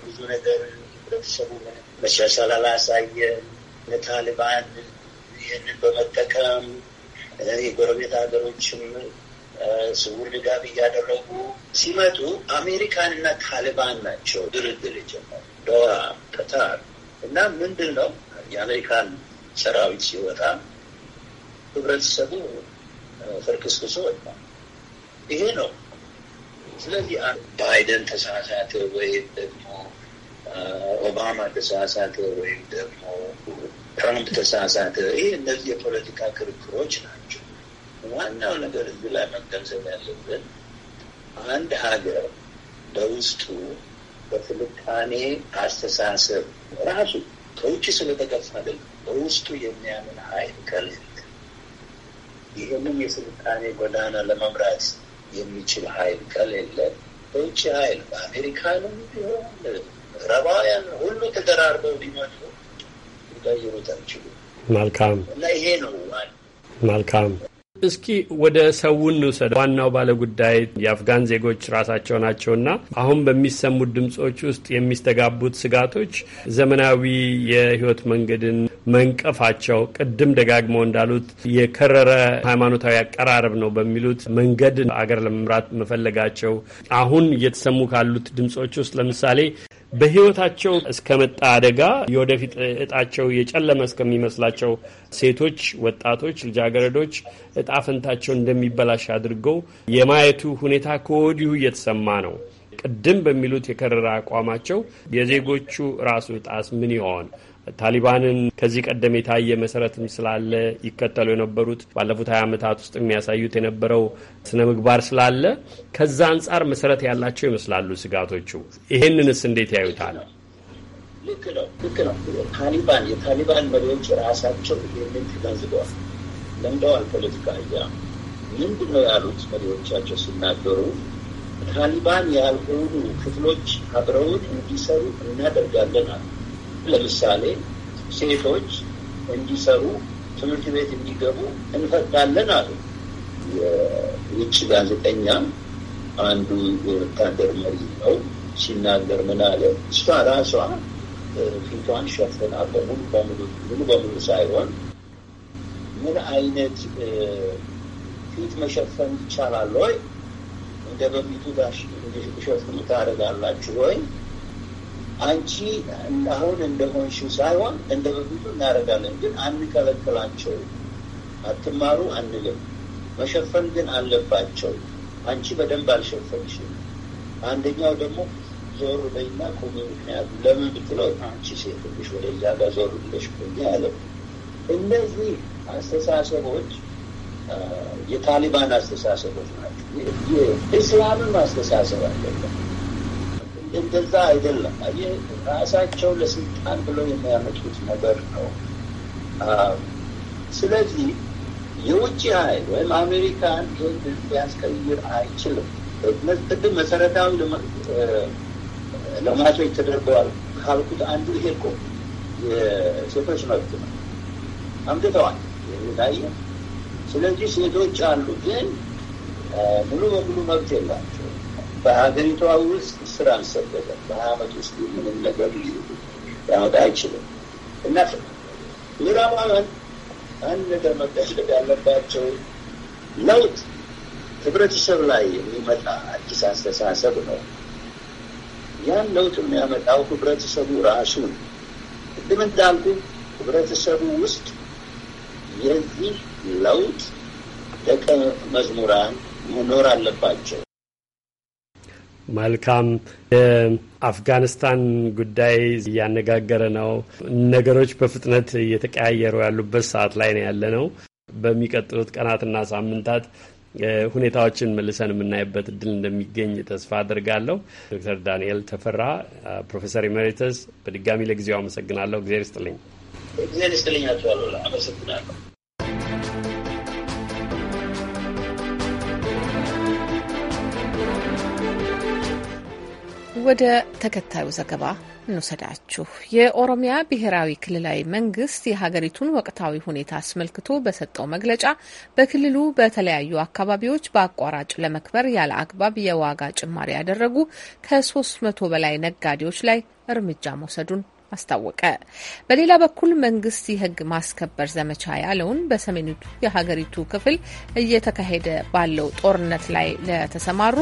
ብዙ ነገር ህብረተሰቡ መሻሻል አላሳየ፣ ለታሊባን ይህንን በመጠቀም የጎረቤት ሀገሮችም ስውር ድጋፍ እያደረጉ ሲመጡ እና ታሊባን ናቸው ድርድር የጀመሩ ዶሃ፣ ቀታር እና ምንድን ነው የአሜሪካን ሰራዊት ሲወጣ ህብረተሰቡ ፍርክስክሶ ወጣ። ይሄ ነው። ስለዚህ ባይደን ተሳሳተ ወይም ደግሞ ኦባማ ተሳሳተ ወይም ደግሞ ትራምፕ ተሳሳተ። ይህ እነዚህ የፖለቲካ ክርክሮች ናቸው። ዋናው ነገር እዚህ ላይ መገንዘብ ያለብን አንድ ሀገር በውስጡ በስልጣኔ አስተሳሰብ ራሱ ከውጭ ስለተገፋ አይደለም፣ በውስጡ የሚያምን ኃይል ከሌለ ይህንን የስልጣኔ ጎዳና ለመምራት የሚችል ኃይል ከሌለ በውጭ ኃይል በአሜሪካንም ቢሆን ረባውያን ሁሉ ተደራርበው ሊመጡ ላይሩት አይችሉም። መልካም እና ይሄ ነው መልካም። እስኪ ወደ ሰው እንውሰድ። ዋናው ባለጉዳይ የአፍጋን ዜጎች ራሳቸው ናቸውና አሁን በሚሰሙት ድምጾች ውስጥ የሚስተጋቡት ስጋቶች ዘመናዊ የህይወት መንገድን መንቀፋቸው፣ ቅድም ደጋግመው እንዳሉት የከረረ ሃይማኖታዊ አቀራረብ ነው በሚሉት መንገድ አገር ለመምራት መፈለጋቸው፣ አሁን እየተሰሙ ካሉት ድምጾች ውስጥ ለምሳሌ በህይወታቸው እስከመጣ አደጋ የወደፊት እጣቸው የጨለመ እስከሚመስላቸው ሴቶች፣ ወጣቶች፣ ልጃገረዶች እጣ ፈንታቸው እንደሚበላሽ አድርገው የማየቱ ሁኔታ ከወዲሁ እየተሰማ ነው። ቅድም በሚሉት የከረረ አቋማቸው የዜጎቹ ራሱ ጣስ ምን ይሆን? ታሊባንን ከዚህ ቀደም የታየ መሰረትም ስላለ ይከተሉ የነበሩት ባለፉት ሀያ ዓመታት ውስጥ የሚያሳዩት የነበረው ስነ ምግባር ስላለ ከዛ አንጻር መሰረት ያላቸው ይመስላሉ ስጋቶቹ። ይሄንንስ እንዴት ያዩታል? ልክ ነው፣ ልክ ነው። ታሊባን የታሊባን መሪዎች ራሳቸው ይህንን ተገንዝበዋል፣ ለምደዋል። ፖለቲካ ያ ምንድነው ያሉት መሪዎቻቸው ሲናገሩ ታሊባን ያልሆኑ ክፍሎች አብረውን እንዲሰሩ እናደርጋለን አሉ። ለምሳሌ ሴቶች እንዲሰሩ ትምህርት ቤት እንዲገቡ እንፈቅዳለን አሉ። የውጭ ጋዜጠኛ አንዱ የወታደር መሪ ነው ሲናገር ምን አለ? እሷ ራሷ ፊቷን ሸፍና በሙሉ በሙሉ ሙሉ በሙሉ ሳይሆን ምን አይነት ፊት መሸፈን ይቻላል ወይ እንደ በፊቱ ጋሽ እሸቱን ታደርጋላችሁ ወይ? አንቺ አሁን እንደሆንሽው ሳይሆን እንደ በፊቱ እናደርጋለን፣ ግን አንከለክላቸው። አትማሩ አንልም። መሸፈን ግን አለባቸው። አንቺ በደንብ አልሸፈንሽም። አንደኛው ደግሞ ዞር በይና ቆሚ። ምክንያቱም ለምን ብትለው አንቺ ሴት ልሽ ወደዛ ጋር ዞር ብለሽ ቁሚ አለው። እነዚህ አስተሳሰቦች የታሊባን አስተሳሰቦች ናቸው። የእስላምን አስተሳሰብ አይደለም። እንደዛ አይደለም። ይህ ራሳቸው ለስልጣን ብለው የሚያመጡት ነገር ነው። ስለዚህ የውጭ ኃይል ወይም አሜሪካን ይህን ሊያስቀይር አይችልም። ቅድም መሰረታዊ ልማቶች ተደርገዋል ካልኩት አንዱ ይሄ እኮ የሴቶች መብት ነው። አምጥተዋል ይህ ስለዚህ ሴቶች አሉ፣ ግን ሙሉ በሙሉ መብት የላቸው። በሀገሪቷ ውስጥ ስራ አልሰደደም። በሀያ ዓመት ውስጥ ምንም ነገር ሊያወጣ አይችልም እና ምዕራባውያን አንድ ነገር መቀስለብ ያለባቸው ለውጥ ህብረተሰብ ላይ የሚመጣ አዲስ አስተሳሰብ ነው። ያን ለውጥ የሚያመጣው ህብረተሰቡ ራሱ ነው። ቅድም እንዳልኩ ህብረተሰቡ ውስጥ የዚህ ለውጥ ደቀ መዝሙራን መኖር አለባቸው። መልካም። የአፍጋኒስታን ጉዳይ እያነጋገረ ነው። ነገሮች በፍጥነት እየተቀያየሩ ያሉበት ሰዓት ላይ ነው ያለ ነው። በሚቀጥሉት ቀናትና ሳምንታት ሁኔታዎችን መልሰን የምናይበት እድል እንደሚገኝ ተስፋ አድርጋለሁ። ዶክተር ዳንኤል ተፈራ ፕሮፌሰር ኤሜሪተስ በድጋሚ ለጊዜው አመሰግናለሁ። እግዜር ይስጥልኝ። እግዜር ይስጥልኝ አመሰግናለሁ። ወደ ተከታዩ ዘገባ እንውሰዳችሁ። የኦሮሚያ ብሔራዊ ክልላዊ መንግስት የሀገሪቱን ወቅታዊ ሁኔታ አስመልክቶ በሰጠው መግለጫ በክልሉ በተለያዩ አካባቢዎች በአቋራጭ ለመክበር ያለ አግባብ የዋጋ ጭማሪ ያደረጉ ከሶስት መቶ በላይ ነጋዴዎች ላይ እርምጃ መውሰዱን አስታወቀ። በሌላ በኩል መንግስት የህግ ማስከበር ዘመቻ ያለውን በሰሜኑ የሀገሪቱ ክፍል እየተካሄደ ባለው ጦርነት ላይ ለተሰማሩ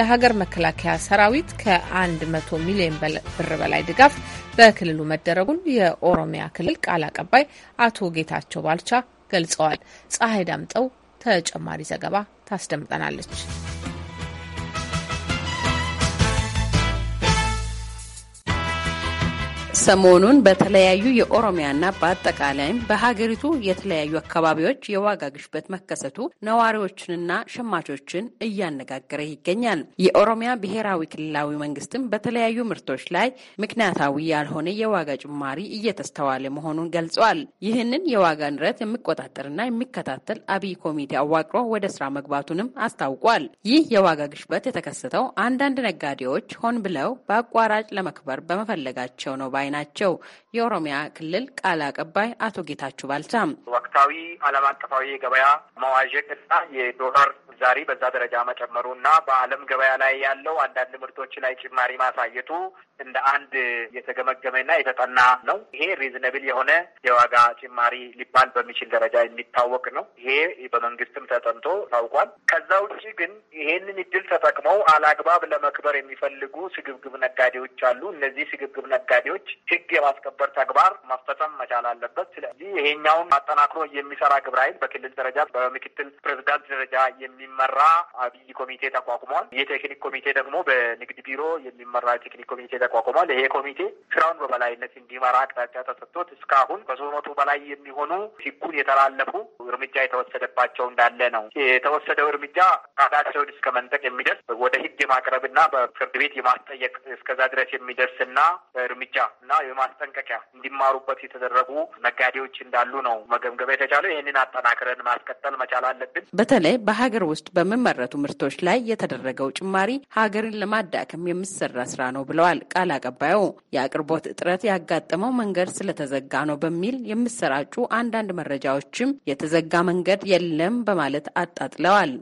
ለሀገር መከላከያ ሰራዊት ከ100 ሚሊዮን ብር በላይ ድጋፍ በክልሉ መደረጉን የኦሮሚያ ክልል ቃል አቀባይ አቶ ጌታቸው ባልቻ ገልጸዋል። ፀሐይ ዳምጠው ተጨማሪ ዘገባ ታስደምጠናለች። ሰሞኑን በተለያዩ የኦሮሚያና በአጠቃላይም በሀገሪቱ የተለያዩ አካባቢዎች የዋጋ ግሽበት መከሰቱ ነዋሪዎችንና ሸማቾችን እያነጋገረ ይገኛል። የኦሮሚያ ብሔራዊ ክልላዊ መንግስትም በተለያዩ ምርቶች ላይ ምክንያታዊ ያልሆነ የዋጋ ጭማሪ እየተስተዋለ መሆኑን ገልጿል። ይህንን የዋጋ ንረት የሚቆጣጠርና የሚከታተል አብይ ኮሚቴ አዋቅሮ ወደ ስራ መግባቱንም አስታውቋል። ይህ የዋጋ ግሽበት የተከሰተው አንዳንድ ነጋዴዎች ሆን ብለው በአቋራጭ ለመክበር በመፈለጋቸው ነው ባይ ላይ ናቸው። የኦሮሚያ ክልል ቃል አቀባይ አቶ ጌታችሁ ባልቻ ወቅታዊ ዓለም አቀፋዊ የገበያ መዋዠቅ እና የዶላር ዛሬ በዛ ደረጃ መጨመሩ እና በዓለም ገበያ ላይ ያለው አንዳንድ ምርቶች ላይ ጭማሪ ማሳየቱ እንደ አንድ የተገመገመና የተጠና ነው። ይሄ ሪዝነብል የሆነ የዋጋ ጭማሪ ሊባል በሚችል ደረጃ የሚታወቅ ነው። ይሄ በመንግስትም ተጠንቶ ታውቋል። ከዛ ውጭ ግን ይሄንን እድል ተጠቅመው አላግባብ ለመክበር የሚፈልጉ ስግብግብ ነጋዴዎች አሉ። እነዚህ ስግብግብ ነጋዴዎች ህግ የማስከበር ተግባር መፈጸም መቻል አለበት። ስለዚህ ይሄኛውን አጠናክሮ የሚሰራ ግብረ ኃይል በክልል ደረጃ በምክትል ፕሬዚዳንት ደረጃ የሚመራ አብይ ኮሚቴ ተቋቁሟል። የቴክኒክ ኮሚቴ ደግሞ በንግድ ቢሮ የሚመራ ቴክኒክ ኮሚቴ ተቋቁሟል። ይሄ ኮሚቴ ስራውን በበላይነት እንዲመራ አቅጣጫ ተሰጥቶት እስካሁን ከሶስት መቶ በላይ የሚሆኑ ህጉን የተላለፉ እርምጃ የተወሰደባቸው እንዳለ ነው። የተወሰደው እርምጃ ቃላቸውን እስከ መንጠቅ የሚደርስ ወደ ህግ የማቅረብና በፍርድ ቤት የማስጠየቅ እስከዛ ድረስ የሚደርስና እርምጃ እና የማስጠንቀቂያ እንዲማሩበት የተደረጉ ነጋዴዎች እንዳሉ ነው መገምገም የተቻለው። ይህንን አጠናክረን ማስቀጠል መቻል አለብን። በተለይ በሀገር ውስጥ በሚመረቱ ምርቶች ላይ የተደረገው ጭማሪ ሀገርን ለማዳከም የሚሰራ ስራ ነው ብለዋል ቃል አቀባዩ። የአቅርቦት እጥረት ያጋጠመው መንገድ ስለተዘጋ ነው በሚል የሚሰራጩ አንዳንድ መረጃዎችም የተዘጋ መንገድ የለም በማለት አጣጥለዋል።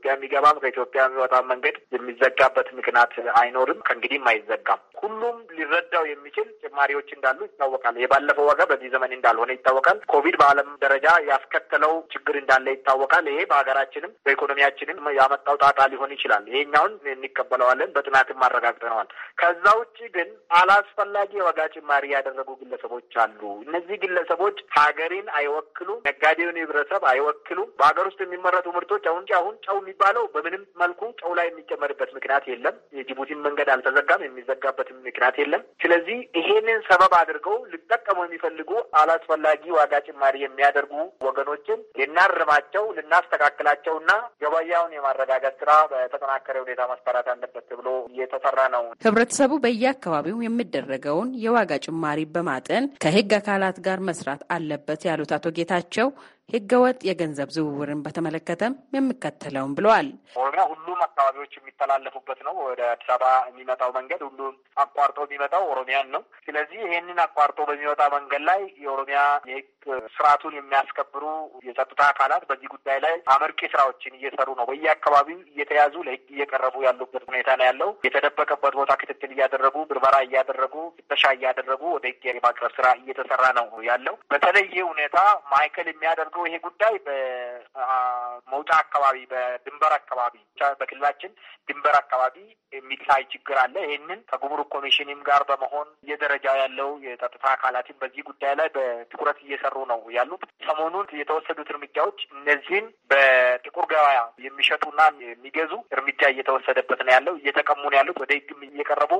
ከኢትዮጵያ የሚገባም ከኢትዮጵያ የሚወጣም መንገድ የሚዘጋበት ምክንያት አይኖርም። ከእንግዲህም አይዘጋም። ሁሉም ሊረዳው የሚችል ጭማሪዎች እንዳሉ ይታወቃል። የባለፈው ዋጋ በዚህ ዘመን እንዳልሆነ ይታወቃል። ኮቪድ በዓለም ደረጃ ያስከተለው ችግር እንዳለ ይታወቃል። ይሄ በሀገራችንም በኢኮኖሚያችንም ያመጣው ጣጣ ሊሆን ይችላል። ይሄኛውን እንቀበለዋለን፣ በጥናትም አረጋግጠነዋል። ከዛ ውጭ ግን አላስፈላጊ የዋጋ ጭማሪ ያደረጉ ግለሰቦች አሉ። እነዚህ ግለሰቦች ሀገሪን አይወክሉም፣ ነጋዴውን ህብረተሰብ አይወክሉም። በሀገር ውስጥ የሚመረቱ ምርቶች አሁን አሁን ጨው የሚባለው በምንም መልኩ ጨው ላይ የሚጨመርበት ምክንያት የለም። የጅቡቲን መንገድ አልተዘጋም፣ የሚዘጋበትም ምክንያት የለም። ስለዚህ ይሄንን ሰበብ አድርገው ሊጠቀሙ የሚፈልጉ አላስፈላጊ ዋጋ ጭማሪ የሚያደርጉ ወገኖችን ልናርማቸው፣ ልናስተካክላቸው እና ገበያውን የማረጋጋት ስራ በተጠናከረ ሁኔታ ማስፈራት አለበት ተብሎ እየተሰራ ነው። ህብረተሰቡ በየአካባቢው የሚደረገውን የዋጋ ጭማሪ በማጠን ከህግ አካላት ጋር መስራት አለበት ያሉት አቶ ጌታቸው ህገወጥ የገንዘብ ዝውውርን በተመለከተም የሚከተለውን ብለዋል። ኦሮሚያ ሁሉም አካባቢዎች የሚተላለፉበት ነው። ወደ አዲስ አበባ የሚመጣው መንገድ ሁሉም አቋርጦ የሚመጣው ኦሮሚያን ነው። ስለዚህ ይህንን አቋርጦ በሚመጣ መንገድ ላይ የኦሮሚያ የህግ ስርዓቱን የሚያስከብሩ የጸጥታ አካላት በዚህ ጉዳይ ላይ አመርቂ ስራዎችን እየሰሩ ነው። በየአካባቢው እየተያዙ ለህግ እየቀረቡ ያሉበት ሁኔታ ነው ያለው። የተደበቀበት ቦታ ክትትል እያደረጉ ብርበራ እያደረጉ ፍተሻ እያደረጉ ወደ ህግ የማቅረብ ስራ እየተሰራ ነው ያለው። በተለየ ሁኔታ ማዕከል የሚያደርገው ይሄ ጉዳይ በመውጫ አካባቢ በድንበር አካባቢ በክልላችን ድንበር አካባቢ የሚታይ ችግር አለ። ይህንን ከጉምሩክ ኮሚሽንም ጋር በመሆን የደረጃ ያለው የጸጥታ አካላትን በዚህ ጉዳይ ላይ በትኩረት እየሰሩ ነው ያሉት። ሰሞኑን የተወሰዱት እርምጃዎች እነዚህን በጥቁር ገበያ የሚሸጡና የሚገዙ እርምጃ እየተወሰደበት ነው ያለው። እየተቀሙ ነው ያሉት፣ ወደ ህግም እየቀረቡ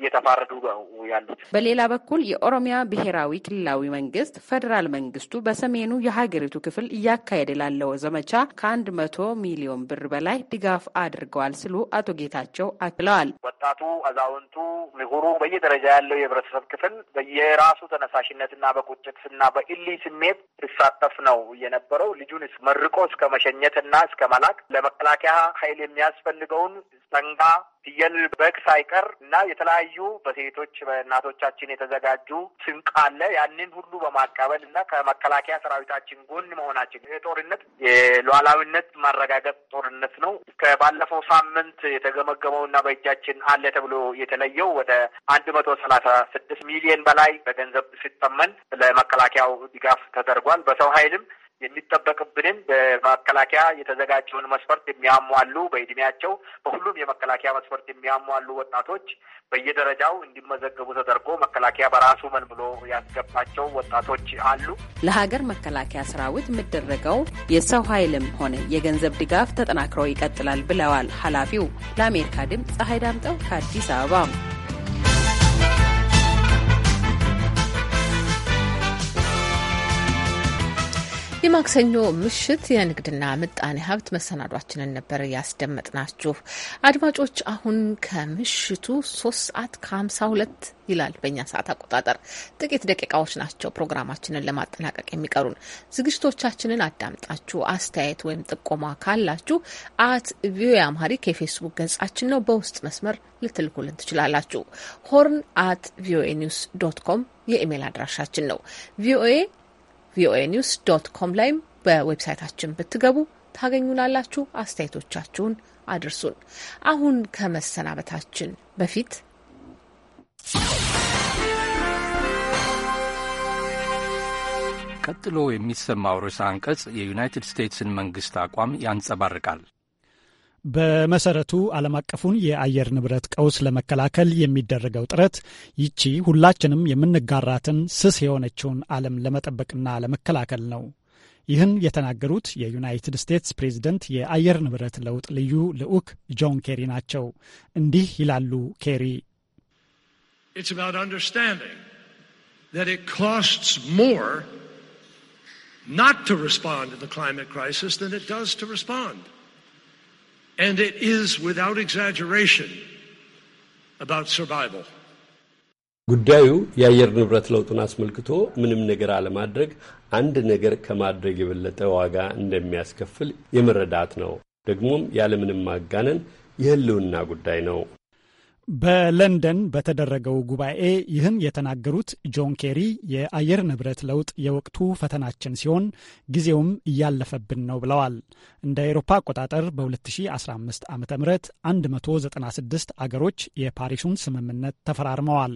እየተፋረዱ ያሉት። በሌላ በኩል የኦሮሚያ ብሔራዊ ክልላዊ መንግስት ፌዴራል መንግስቱ በሰሜኑ የሀገሪቱ ክፍል እያካሄደ ላለው ዘመቻ ከአንድ መቶ ሚሊዮን ብር በላይ ድጋፍ አድርገዋል ሲሉ አቶ ጌታቸው አክለዋል። ወጣቱ፣ አዛውንቱ፣ ምሁሩ በየደረጃ ያለው የህብረተሰብ ክፍል በየራሱ ተነሳሽነትና በቁጭትና በኢሊ ስሜት ሲሳተፍ ነው የነበረው። ልጁን መርቆ እስከ መሸኘትና እስከ መላክ ለመከላከያ ኃይል የሚያስፈልገውን ሰንጋ ፍየል፣ በግ ሳይቀር እና የተለያዩ በሴቶች በእናቶቻችን የተዘጋጁ ስንቅ አለ። ያንን ሁሉ በማቀበል እና ከመከላከያ ሰራዊታችን ጎን ጎን መሆናችን። ይህ ጦርነት የሉዓላዊነት ማረጋገጥ ጦርነት ነው። ከባለፈው ሳምንት የተገመገመው ና በእጃችን አለ ተብሎ የተለየው ወደ አንድ መቶ ሰላሳ ስድስት ሚሊዮን በላይ በገንዘብ ሲተመን ለመከላከያው ድጋፍ ተደርጓል። በሰው ኃይልም የሚጠበቅብንን በመከላከያ የተዘጋጀውን መስፈርት የሚያሟሉ በእድሜያቸው በሁሉም የመከላከያ መስፈርት የሚያሟሉ ወጣቶች በየደረጃው እንዲመዘገቡ ተደርጎ መከላከያ በራሱ መን ብሎ ያስገባቸው ወጣቶች አሉ። ለሀገር መከላከያ ሰራዊት የሚደረገው የሰው ኃይልም ሆነ የገንዘብ ድጋፍ ተጠናክሮ ይቀጥላል ብለዋል ኃላፊው። ለአሜሪካ ድምፅ ፀሐይ ዳምጠው ከአዲስ አበባ የማክሰኞ ምሽት የንግድና ምጣኔ ሀብት መሰናዷችንን ነበር ያስደመጥናችሁ አድማጮች። አሁን ከምሽቱ ሶስት ሰዓት ከሀምሳ ሁለት ይላል በእኛ ሰዓት አቆጣጠር። ጥቂት ደቂቃዎች ናቸው ፕሮግራማችንን ለማጠናቀቅ የሚቀሩን። ዝግጅቶቻችንን አዳምጣችሁ አስተያየት ወይም ጥቆማ ካላችሁ አት ቪኦኤ አምሃሪክ የፌስቡክ ገጻችን ነው፣ በውስጥ መስመር ልትልኩልን ትችላላችሁ። ሆርን አት ቪኦኤ ኒውስ ዶት ኮም የኢሜል አድራሻችን ነው። ቪኦኤ ቪኦኤ ኒውስ ዶት ኮም ላይም በዌብሳይታችን ብትገቡ ታገኙናላችሁ። አስተያየቶቻችሁን አድርሱን። አሁን ከመሰናበታችን በፊት ቀጥሎ የሚሰማው ርዕሰ አንቀጽ የዩናይትድ ስቴትስን መንግስት አቋም ያንጸባርቃል። በመሰረቱ ዓለም አቀፉን የአየር ንብረት ቀውስ ለመከላከል የሚደረገው ጥረት ይቺ ሁላችንም የምንጋራትን ስስ የሆነችውን ዓለም ለመጠበቅና ለመከላከል ነው። ይህን የተናገሩት የዩናይትድ ስቴትስ ፕሬዝደንት የአየር ንብረት ለውጥ ልዩ ልዑክ ጆን ኬሪ ናቸው። እንዲህ ይላሉ ኬሪ ስ And it is without exaggeration about survival. ጉዳዩ የአየር ንብረት ለውጡን አስመልክቶ ምንም ነገር አለማድረግ አንድ ነገር ከማድረግ የበለጠ ዋጋ እንደሚያስከፍል የመረዳት ነው። ደግሞም ያለምንም ማጋነን የሕልውና ጉዳይ ነው። በለንደን በተደረገው ጉባኤ ይህን የተናገሩት ጆን ኬሪ የአየር ንብረት ለውጥ የወቅቱ ፈተናችን ሲሆን ጊዜውም እያለፈብን ነው ብለዋል። እንደ አውሮፓ አቆጣጠር በ2015 ዓ ም 196 አገሮች የፓሪሱን ስምምነት ተፈራርመዋል።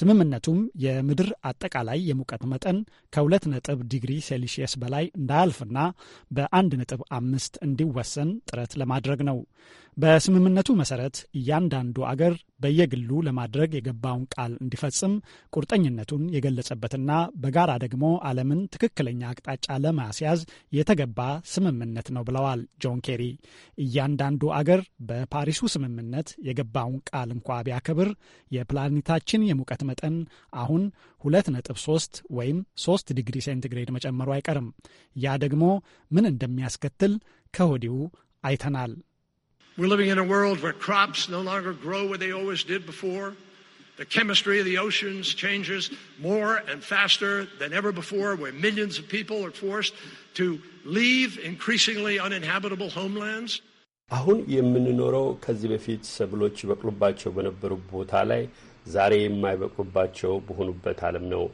ስምምነቱም የምድር አጠቃላይ የሙቀት መጠን ከሁለት ነጥብ ዲግሪ ሴልሺየስ በላይ እንዳያልፍና በ1 ነጥብ 5 እንዲወሰን ጥረት ለማድረግ ነው። በስምምነቱ መሰረት እያንዳንዱ አገር በየግሉ ለማድረግ የገባውን ቃል እንዲፈጽም ቁርጠኝነቱን የገለጸበትና በጋራ ደግሞ ዓለምን ትክክለኛ አቅጣጫ ለማስያዝ የተገባ ስምምነት ነው ብለዋል ጆን ኬሪ። እያንዳንዱ አገር በፓሪሱ ስምምነት የገባውን ቃል እንኳ ቢያከብር የፕላኔታችን የሙቀት መጠን አሁን 2.3 ወይም 3 ዲግሪ ሴንቲግሬድ መጨመሩ አይቀርም። ያ ደግሞ ምን እንደሚያስከትል ከወዲሁ አይተናል። We're living in a world where crops no longer grow where they always did before. The chemistry of the oceans changes more and faster than ever before, where millions of people are forced to leave increasingly uninhabitable homelands. አሁን የምንኖረው ከዚህ በፊት ሰብሎች ይበቅሉባቸው በነበሩ ቦታ ላይ ዛሬ የማይበቅሉባቸው በሆኑበት ዓለም ነው።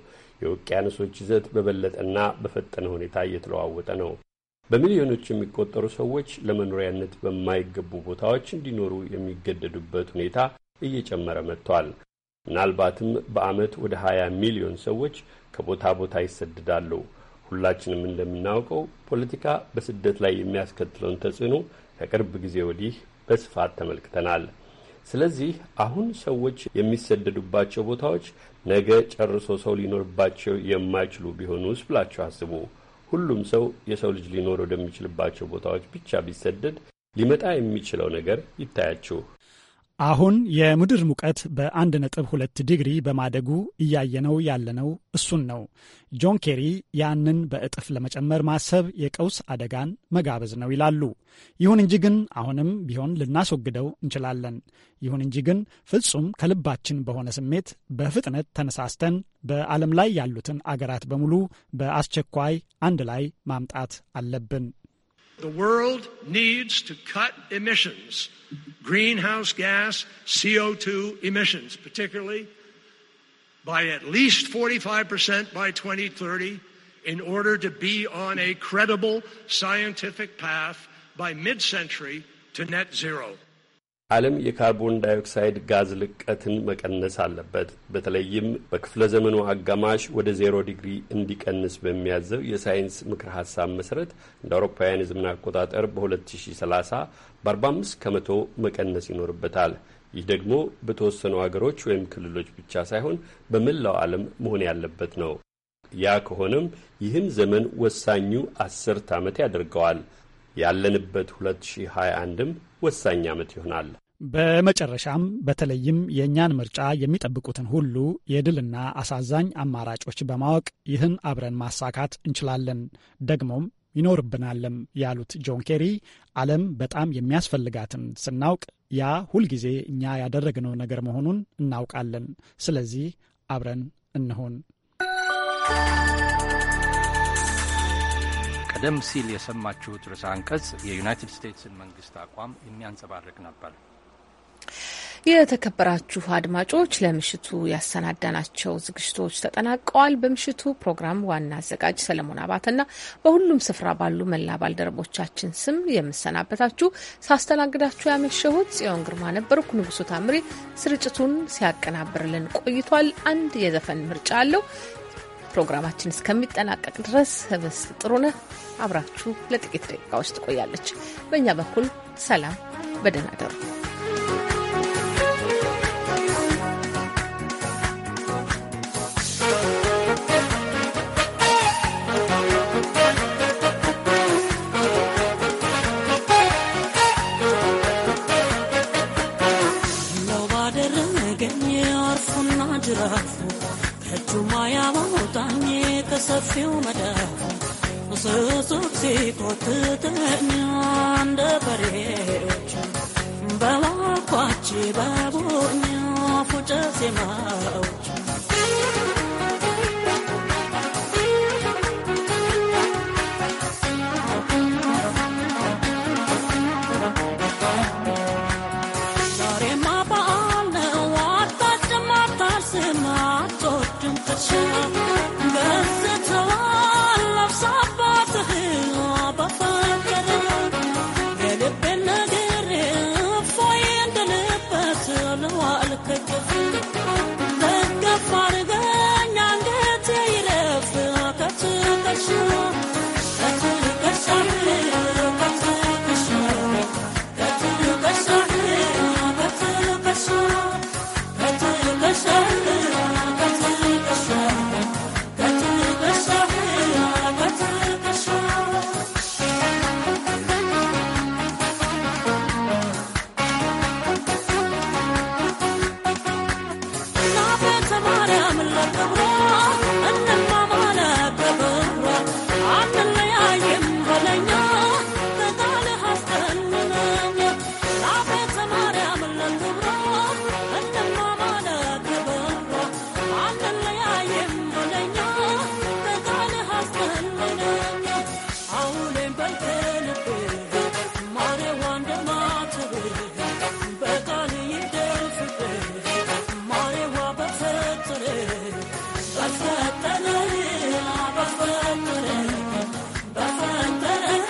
የውቅያኖሶች ይዘት በበለጠና በፈጠነ ሁኔታ እየተለዋወጠ ነው። በሚሊዮኖች የሚቆጠሩ ሰዎች ለመኖሪያነት በማይገቡ ቦታዎች እንዲኖሩ የሚገደዱበት ሁኔታ እየጨመረ መጥቷል። ምናልባትም በዓመት ወደ 20 ሚሊዮን ሰዎች ከቦታ ቦታ ይሰደዳሉ። ሁላችንም እንደምናውቀው ፖለቲካ በስደት ላይ የሚያስከትለውን ተጽዕኖ ከቅርብ ጊዜ ወዲህ በስፋት ተመልክተናል። ስለዚህ አሁን ሰዎች የሚሰደዱባቸው ቦታዎች ነገ ጨርሶ ሰው ሊኖርባቸው የማይችሉ ቢሆኑስ ብላችሁ አስቡ። ሁሉም ሰው የሰው ልጅ ሊኖር ወደሚችልባቸው ቦታዎች ብቻ ቢሰደድ ሊመጣ የሚችለው ነገር ይታያችሁ አሁን የምድር ሙቀት በአንድ ነጥብ ሁለት ዲግሪ በማደጉ እያየነው ያለነው እሱን ነው። ጆን ኬሪ ያንን በእጥፍ ለመጨመር ማሰብ የቀውስ አደጋን መጋበዝ ነው ይላሉ። ይሁን እንጂ ግን አሁንም ቢሆን ልናስወግደው እንችላለን። ይሁን እንጂ ግን ፍጹም ከልባችን በሆነ ስሜት በፍጥነት ተነሳስተን በዓለም ላይ ያሉትን አገራት በሙሉ በአስቸኳይ አንድ ላይ ማምጣት አለብን። The world needs to cut emissions, greenhouse gas, CO2 emissions, particularly by at least 45% by 2030 in order to be on a credible scientific path by mid century to net zero. ዓለም የካርቦን ዳይኦክሳይድ ጋዝ ልቀትን መቀነስ አለበት። በተለይም በክፍለ ዘመኑ አጋማሽ ወደ ዜሮ ዲግሪ እንዲቀንስ በሚያዘው የሳይንስ ምክር ሀሳብ መሰረት እንደ አውሮፓውያን የዘመን አቆጣጠር በ2030 በ45 ከመቶ መቀነስ ይኖርበታል። ይህ ደግሞ በተወሰኑ አገሮች ወይም ክልሎች ብቻ ሳይሆን በመላው ዓለም መሆን ያለበት ነው። ያ ከሆነም ይህም ዘመን ወሳኙ አስርት ዓመት ያደርገዋል። ያለንበት 2021ም ወሳኝ ዓመት ይሆናል። በመጨረሻም በተለይም የእኛን ምርጫ የሚጠብቁትን ሁሉ የድልና አሳዛኝ አማራጮች በማወቅ ይህን አብረን ማሳካት እንችላለን ደግሞም ይኖርብናልም ያሉት ጆን ኬሪ ዓለም በጣም የሚያስፈልጋትን ስናውቅ ያ ሁልጊዜ እኛ ያደረግነው ነገር መሆኑን እናውቃለን። ስለዚህ አብረን እንሆን። ቀደም ሲል የሰማችሁት ርዕሰ አንቀጽ የዩናይትድ ስቴትስን መንግስት አቋም የሚያንጸባርቅ ነበር። የተከበራችሁ አድማጮች ለምሽቱ ያሰናዳናቸው ዝግጅቶች ተጠናቀዋል። በምሽቱ ፕሮግራም ዋና አዘጋጅ ሰለሞን አባተና በሁሉም ስፍራ ባሉ መላ ባልደረቦቻችን ስም የምሰናበታችሁ ሳስተናግዳችሁ ያመሸሁት ጽዮን ግርማ ነበርኩ። ንጉሱ ታምሬ ስርጭቱን ሲያቀናብርልን ቆይቷል። አንድ የዘፈን ምርጫ አለው። ፕሮግራማችን እስከሚጠናቀቅ ድረስ ህብስት ጥሩነ አብራችሁ ለጥቂት ደቂቃዎች ትቆያለች። በእኛ በኩል ሰላም፣ በደህና ደሩ። i እጁማያ ማውጣኝ ከሰፊው መዳፍ ስሱት ሲቆትተኝ እንደ በሬዎች በባኳች በቦኛ ፉጨ ሴማዎች